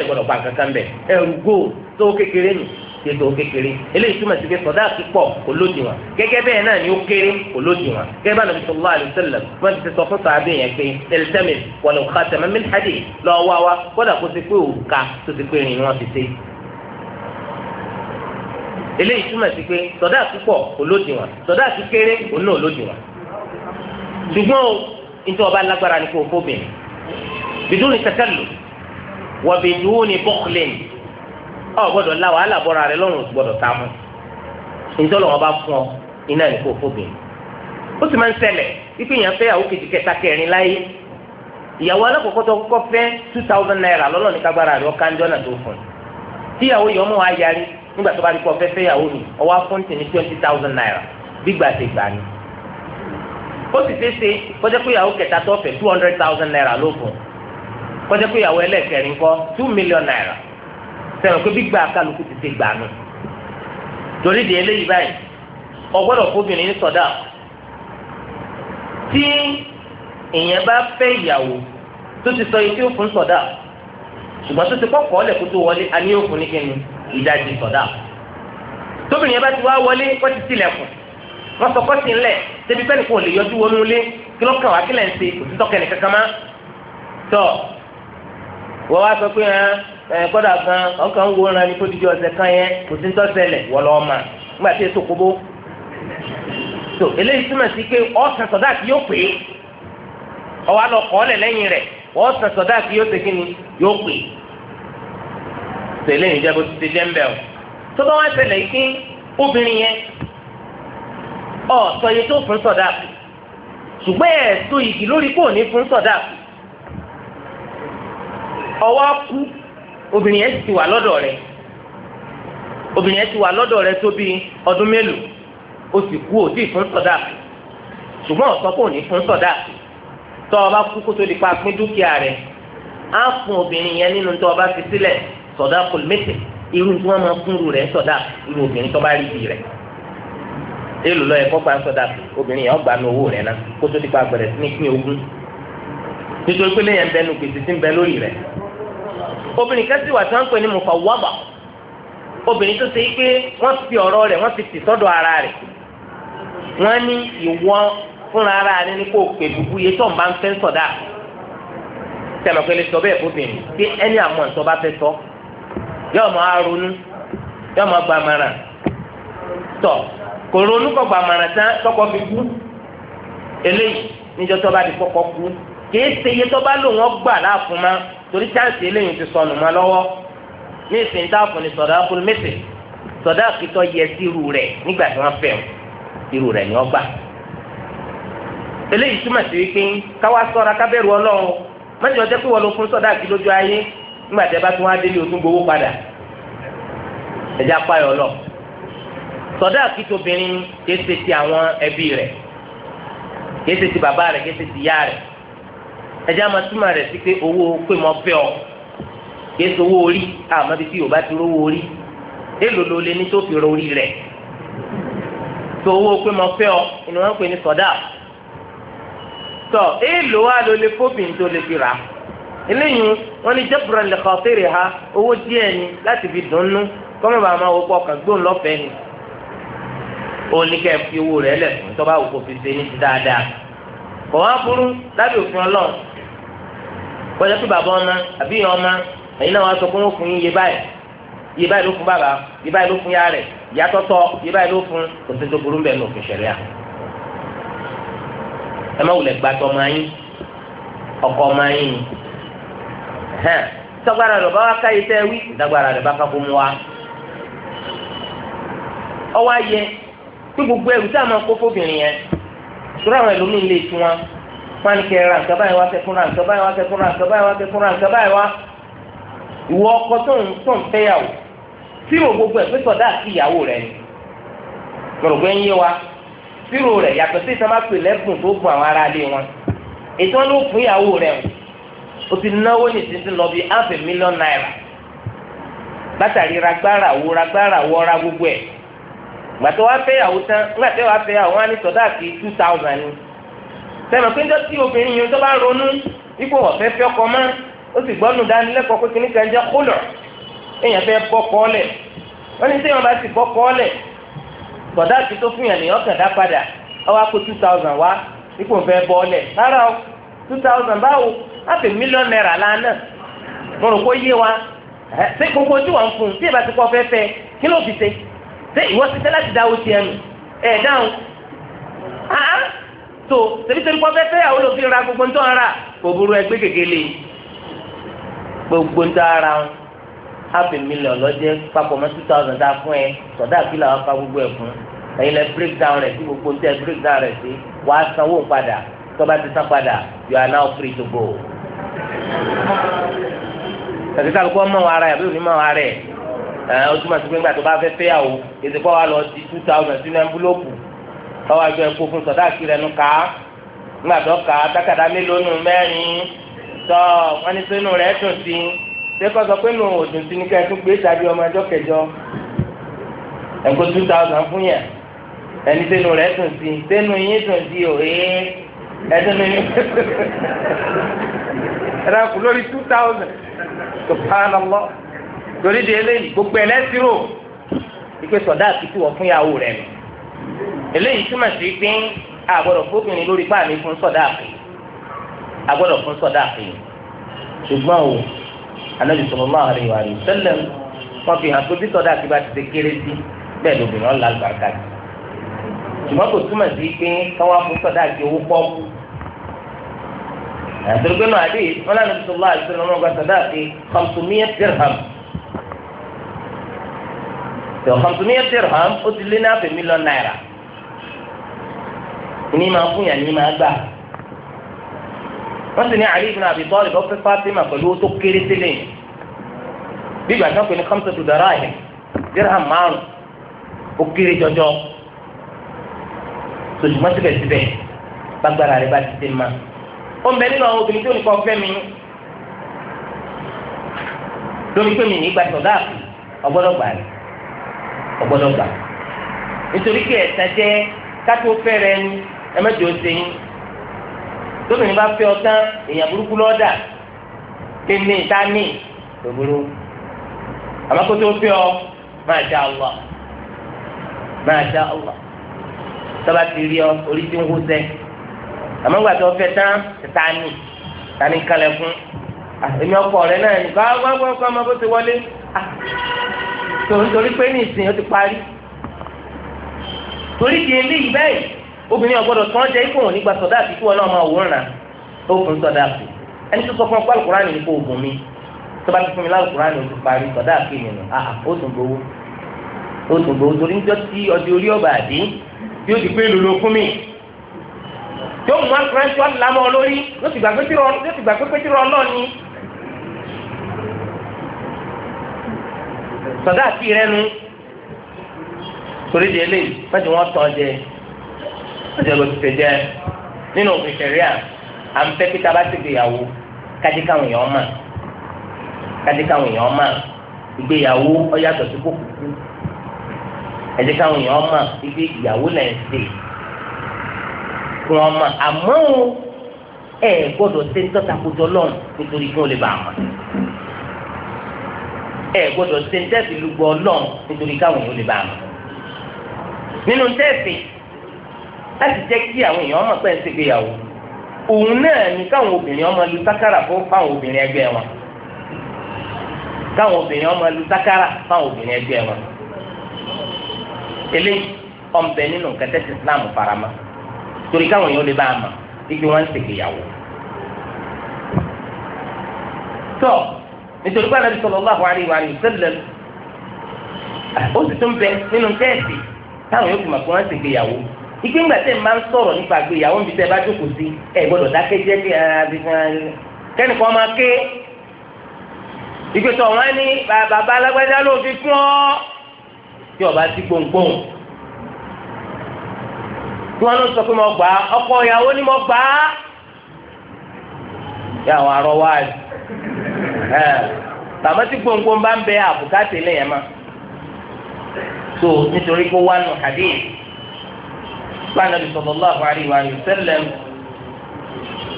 gbọ́dọ̀ pa kankan bẹ̀ ẹ̀rù góòlù tó kékeré nù ṣètò kékeré eléyìí túmọ̀ sí pé sọ̀dá àtúpọ̀ kò lódì wọn gẹ́gẹ́ bẹ́ẹ̀ náà ni ó kéré kò lódì wọn gẹ́gẹ́ bá nàbí sọ̀rọ̀ àlùsọ lẹ̀ wọ́n ti ti sọ fún sàábì yẹn pé tẹlifíṣẹ́mì wọn ò ka tẹ̀mẹ́ mi hàdì lọ wá wa kódà kó ti pé òǹkà tó ti pé rìn wọn ti ṣe. eléyìí túmọ̀ sí pé sọ̀dá àtúpọ̀ kò lódì wọn sọ̀dá àtúkéré kò náà lódì wọn ṣùgbọ́n ọ gbọ́dọ̀ la wàhálà bọ́ra rẹ lọ́rùn gbọ́dọ̀ tá a mú nítorí wọn bá fún ọ iná ní kò fóbìn ó sì máa ń ṣẹlẹ̀ ikú yẹn fẹ́ àwọn kejì kẹta kẹrin láyé ìyàwó alákọ̀ọ́kọ́ kọ́kọ́ fẹ́ two thousand naira lọ́lọ́ ní kágbára rẹ ọ̀ka ńjọ́ náà tó fún un tíyàwó yìí ọmọ wa yarí nígbà tó bá rí kọ́ fẹ́ fẹ́ mi ọwọ́ afúntì ní twenty thousand naira gbígbà ti gbà ní ó sì ṣe é ṣe kọjá pé ìyàwó kẹta tó fẹ́ two hundred thousand naira ló fún un kọjá pé ìyàwó ẹlẹ́kẹrin kọ́ two million naira sẹ́wọ̀n pé gbígbà kálukú ti ti gbà nù torí di eléyìí báyìí ọgbọ́dọ̀ fóbìnrin ní sọ̀dá tí èèyàn bá fẹ́ ìyàwó tó ti sọ etí òfin sọ̀dá ṣùgbọ́n tó ti kọ́kọ́ ọ̀lẹ̀ kó tó wọlé a ní òfin ní kíni ìdajì sọ̀dá tóbìnrin yẹn bá ti wá wọlé wọ́n ti tilẹ̀kùn wọ́n sọ kọ́sì ńlẹ̀ débi pẹ́ẹ́nì kò lè yọjú wọnú ilé kí ló wá kílẹ̀ ń ṣe òtítọ́ kẹ́ni kankan má tọ́ wọ́n wá sọ pé ẹ kọ́dà kan ọkàn wo ran ni kódìjọ ọ̀sẹ̀ kan yẹn kò sí tọ́sẹ̀lẹ̀ wọ́n lọ́ọ́ ma nígbà tí èso kóbó tó eléyìí túmọ̀ sí pé ọ̀sán sọ̀dá kì yóò pè é ọwọ́ alọ kọ́ lẹ̀ lẹ́yìn rẹ̀ ọ̀sán sọ̀dá kì yóò segin ni yóò pè é tó eléyìí jẹ́ bó ti ti jẹ́ ń bẹ̀ o tó bá wá ṣẹlẹ̀ yìí pé obìnrin yẹn ọ̀ sọ iye tó fún sọ̀dá kù ṣùgbọ́n ẹ̀ tó igi lórí kò ní fún sọ̀dá kù ọwọ́ kú obìnrin yẹn ti wà lọ́dọ̀ rẹ̀ obìnrin yẹn ti wà lọ́dọ̀ rẹ̀ tó bí ọdún mélòó o sì kú o sì fún sọ̀dá àfi ṣùgbọ́n ọ̀sán kò ní fún sọ̀dá àfi tọ́ ọ bá kú kó tó di pa pín dúkìá rẹ̀ á fún obìnrin yẹn nínú tọ́ ọ bá fi sílẹ̀ sọ̀dá kò irú tí wọ́n máa fún irú rẹ̀ sọ̀dá irú obìnrin tó bá rí ibi rẹ̀ èlò lọ́yẹ̀ kọ́ pa sọ̀dá àfi obìnrin yẹn ọgbà nu owó rẹ̀ náà kó tó di pa gbẹ̀rẹ̀ sí ní pín ogún nítorí pé lẹ́yìn bẹ́ẹ̀ nu gbèsè sí ń bẹ lórí rẹ̀ obìnrin kan sì wà tí wọ́n ń pè ní mufawwada obìnrin tó ṣe é pé wọ́n fi ọ̀rọ̀ rẹ̀ wọ́n ti tì sọ́dọ̀ ara rẹ̀ wọ́n ní ìwọ fúnra ara rẹ̀ ní kó o pè dùkú iye tó ń bá ń fẹ́ sọ̀dá tẹ̀mọ̀ pé sọ bẹ́ẹ̀ fóbìnrin pé ẹni àmọ́ ìtọ́ bá fẹ́ sọ yóò máa ronú yóò máa gba àmàràn kò ronú kọ̀ gba tán tọkọ fi kú eléyìí níjọ́ tó bá di kọ́kọ́ kú kìí ṣe iye tó bá lò wọ́n gbà láàfún ma torí chance eléyìí ti sọnù ma lọ́wọ́ ní ìsìn dáàfún ni sọ̀dọ̀ àkúrú mẹ́sì sọ̀dọ̀ àkìtọ́ yẹ sí irú rẹ̀ nígbà tí wọ́n fẹ́ irú rẹ̀ ni wọ́n gbà eléyìí túmọ̀ sí wípé káwá sọ́ra kábẹ́rù ọlọ́run mẹ́jọ jẹ́ pé wọ́n ló fún sọ́dá àti lójú ayé nígbà tí ẹ bá tún wá délé o tún gbowó padà ẹ̀já payọ̀ lọ. sọ́dá àti kìí ṣe ti àwọn ẹbí rẹ̀ kìí ṣe ti bàbá rẹ̀ kìí ṣe ti ìyá rẹ̀ ẹjẹ́ àmọ́ túmọ̀ rẹ̀ sí pé owó pé mo fẹ́ ọ kí ẹsẹ̀ owó orí àmọ́ bí tí yorùbá ti rówó orí èlò ló lé ní tó fi rori rẹ̀ tó owó pé mo fẹ́ ọ ni wọ́n pè ní sọ̀dá tọ èlò wa ló lè tó lè fi rà eléyìí ní ha owó di ni láti fi dùnnú kọ́mọ̀ bá máa wọ́pọ̀ ọkàn gbóhùn lọ́fẹ̀ẹ́ ni òun ní fi owó rẹ̀ lẹ̀ fún tọ́ba òkò fi ṣe ní ti dáadáa kọ̀ wá burú lábẹ́ òfin ọlọ́run kọjá pé bàbá ọmọ àbí ìyá ọmọ ẹ̀yin náà wá sọ pé wọ́n fún yín yé báyìí yé báyìí ló fún bàbá yé báyìí ló fún yá rẹ̀ yá tọ́tọ́ yé báyìí ló fún kò sí tó burú bẹ́ẹ̀ ní òfin ṣẹ̀ríà ẹ má wulẹ̀ gbàtọ́ ọmọ yín ọkọ ọmọ yín ni hàn tọ́gbàrà rẹ̀ bá wá káyé tẹ́ wí ìdágbàrà rẹ̀ bá kákó mu wá ọwọ́ ayẹ pé gbogbo ẹrù tí a máa kó fóbìnrin yẹn wọ́n ní kẹrẹ nǹkan báyìí wá kẹkún ra nǹkan báyìí wá kẹkún ra nǹkan báyìí wá kẹkún ọkọ tó ń tó ń gbogbo ẹ̀ pẹ́sọ̀ dá sí ìyàwó rẹ̀ ni gbọ̀rọ̀gbọ́ ń yé wa tírò rẹ̀ yàtọ̀ sí ìtàn máa pè lẹ́kùn tó gun àwọn ará ilé wọn a million naira sẹ́nu pé o tí obìnrin yìí tó bá ronú ipò ọ̀fẹ́ fẹ́ ọkọ mọ́ ó sì gbọ́nù dánilẹ́kọ̀ọ́ pé ń jẹ́ kólọ̀ èèyàn fẹ́ wọ́n ní sẹ́yìn bá sì ti tó fún yàn ní ọkàn dá padà ọwọ́ akó two o two thousand báwo mílíọ̀nù náírà lánà mo rò wa ṣé gbogbo ojú fún un tí so tẹ̀lítẹ̀lí kọ́ fẹ́ fẹ́yàwó ló fi ra gbogbo ntọ́ ara kò burú ẹgbẹ́ kékeré gbogbo ntọ́ ara ń hafi mílíọ̀n lọ́jẹ́ papọ̀ mọ́ two thousand tá a fún ẹ sọ̀dá àfilà wà fa gbogbo ẹ̀ fún ẹ̀yin lẹ break down rẹ̀ sí gbogbo ntẹ́ break down rẹ̀ sí wà á sanwó padà tọ́ba ti san padà you are now free to go. tẹ̀síkà ló kọ́ mọ́ wọn ara yà bí òní mọ́ wọn ara yẹ ẹ̀ ọ́ túmọ̀ sí pé ńgbà tó bá fẹ́ fẹ́yàwó èsì kọ́ wa lọ sí two thousand sínú ẹnbúlọ́ọ̀pù ọwọ́ àjọ ẹ̀kọ́ fún sọ̀dá àkìrẹ́ nu ká ńgbàdọ́ ká tákàdá mélòó nù mẹ́rin tọ́ wọ́n ní sínú rẹ̀ dùn sí ṣé kọ́ sọ pé nù òdùn sí ní ká ẹtún gbé tàbí ọmọ ẹjọ́ kẹjọ ẹ̀kọ́ two thousand fún yẹn ẹni sínú rẹ̀ dùn sí sínú yín dùn sí òye ẹdun mi ẹdá kù lórí two thousand subhanallah torí de eléyìí gbogbo ẹ lẹ́sìrò ìpè sọ̀dá àti tiwọ̀ fún yàwó rẹ̀ nù eléyìí túmọ̀ sí pé àgbọ̀dọ̀ fóbìnrin lórí páàmì fún sọ̀dá àpè àgbọ̀dọ̀ fún sọ̀dá àpè ṣùgbọ́n o anabi sallallahu alaihi wa sallam wọn fi hàn pé bí sọ̀dá àpè bá ti ṣe kéré sí bẹ́ẹ̀ lóbìnrin ọ̀la àlùbáríkà jù ṣùgbọ́n kò túmọ̀ sí pé káwá fún sọ̀dá àpè owó pọ́ọ̀kù àtúrgbé náà àdé wọn náà nàbí sọlá àti ní máa fún yàn ní máa gbà wọ́n sì ní Ali ibn Abi Talib ó fẹ́ Fatima pẹ̀lú ó tó kéré sílẹ̀ bí ìgbà náà pè ní khamsatu darahim dirham márùn ó kéré jọjọ sojúmọ́ síbẹ̀síbẹ̀ gbàgbára rẹ̀ bá ti dé ma ó ń bẹ nínú àwọn obìnrin tó nìkan fẹ́ mi lórí pé mi ní ìgbà sọ̀dá ọgbọ́dọ̀ gbà rẹ̀ ọgbọ́dọ̀ gbà nítorí pé ẹ̀sán jẹ́ kátó fẹ́rẹ̀ ẹni ẹ mẹ́jọ ṣe yín tóbìnrin bá fẹ́ ọ tán èèyàn burúkú lọ́ọ́dà pé ní ìta ní gbogbo àmọ́ kó tó fẹ́ ọ máa dá Allah máa dá Allah tọ́ba ti rí ọ orí ti ń hó sẹ́ àmọ́ gbà tó fẹ́ tán ta ní ta ní kalẹ̀ fún èmi ọkọ rẹ náà ní ká wá wá kó ọmọ bó ti wọlé tòun torí pé ní ìsìn ó ti parí torí di eléyìí bẹ́ẹ̀ obìnrin ọgbọ́dọ̀ tí wọ́n jẹ́ ipò wọn nígbà sọ̀dá àti kí wọn náà máa wòran òkun sọ̀dá àti ẹni tó sọ fún ọpọ alukura ni kò gùn mi tó bá ti fún mi lálùkura ni o ti parí sọ̀dá àti nínú àhà ó tún gbowó ó tún gbowó torí níjọ́ tí ọjọ́ orí ọba àdé tí ó ti pé lolo fún mi yóò mú alukura tí wọ́n lámọ́ lórí yóò ti gbà pé pétérò ọlọ́ọ̀ni sọ̀dá àti rẹ nu torí di eléyìí fẹ́ẹ́ tí wọ́n tọ́ jẹ ọjọ́ ló ti ṣe jẹ́ nínú òfin ṣẹ̀ríà à ń fẹ́ kíta bá ti gbéyàwó kájíkàwọn èèyàn mà kájíkàwọn èèyàn mà ìgbéyàwó ọ̀yàtọ̀ sí kókùkù ẹ̀jẹ̀ káwọn èèyàn mà ibi ìyàwó lẹ̀ ń ṣe kí wọ́n mà àmọ́ ẹ gbọ́dọ̀ ṣe tọ́takùtọ̀ lọ́rùn nítorí kí wọ́n lè bá a mà ẹ gbọ́dọ̀ ṣe tẹ́sí lùgbọ́ lọ́rùn nítorí káwọn èèyàn lè bá a mà nínú tẹ́sí láti jẹ́ kí àwọn èèyàn ọmọ pẹ́ẹ́n ṣègbéyàwó òun náà ni káwọn obìnrin ọmọ lu sákàrà fún fáwọn obìnrin ẹgbẹ́ wọn káwọn obìnrin ọmọ lu sákàrà fáwọn obìnrin ẹgbẹ́ wọn eléyìí ọ̀nbẹ nínú kẹtẹ́sì Islam farama torí káwọn èèyàn lè bá a mọ̀ igi wọn ń ṣègbéyàwó tọ́ nítorí pé Ànábì sallallahu alaihi wa sallam ó sì tún bẹ nínú tẹ́ẹ̀sì táwọn yóò fi mọ̀ pé wọ́n ń ṣègbéyàwó ike ńgbà tẹ̀ máa ń sọ̀rọ̀ nípa àgbéyàwó níbi tẹ́ bá jókòó sí ẹ̀ e gbọ́dọ̀ dákẹ́ jẹ́ kí eh, eh, kẹ́nìkan máa ké ìgbésọ̀ wọn ní bàbá alágbádá ló fi fún tí ọba ti tí wọn sọ pé mo gbà á ọkọ Ànábì sallallahu alayhi wa sallam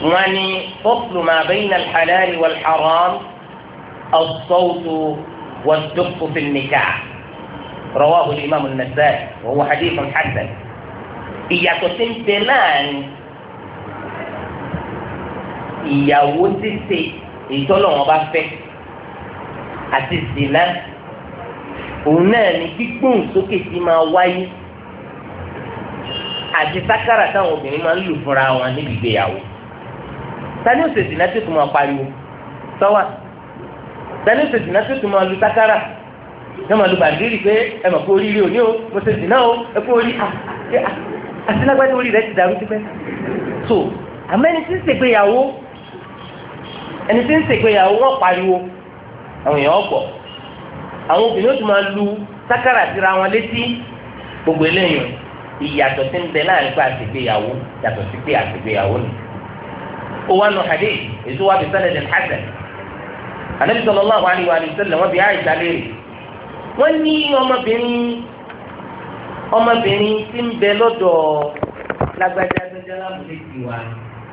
wọ́n ní fọ́pùlù ma bayna al-halal wal-haram as-sawtu wad-duqqu fi an-nikah rawahu al-imam an-Nasa'i wa huwa hadithun hasan ìyàtọ̀ tí ń bẹ láàrin ìyàwó títí ìtọ́lọ́wọ́n bá fẹ́ àti zina òun náà ni àti sákàrà táwọn obìnrin máa ń lù fúnra wọn níbi ìgbéyàwó tani ó ṣèṣì náà tó máa pariwo sọ́wà tani ó ṣèṣì dị tó máa lu sákàrà náà máa lu bàndírì pé ẹ mọ̀ o mo náà o ẹ kó orí ah, ah, àtìlágbádé orí rẹ ti dàrú tipẹ́ so àmọ́ ẹni tí ń ṣègbéyàwó ẹni tí ń ṣègbéyàwó wọ́n pariwo àwọn èèyàn ọ̀pọ̀ àwọn obìnrin ó máa lu sákàrà ìyàtọ̀ tí ń bẹ láàrin pé àtìgbéyàwó yàtọ̀ sí pé àtìgbéyàwó ni. ó wá nù hadith èso wa fi sẹ́lẹ̀ dẹ̀ hasan anabi sallallahu alayhi wa sallam wọn fi àyíṣà léèrè wọn ní ọmọbìnrin ọmọbìnrin tí ń bẹ lọ́dọ̀ lágbájá tó jẹ́ lábúlé tiwa ni.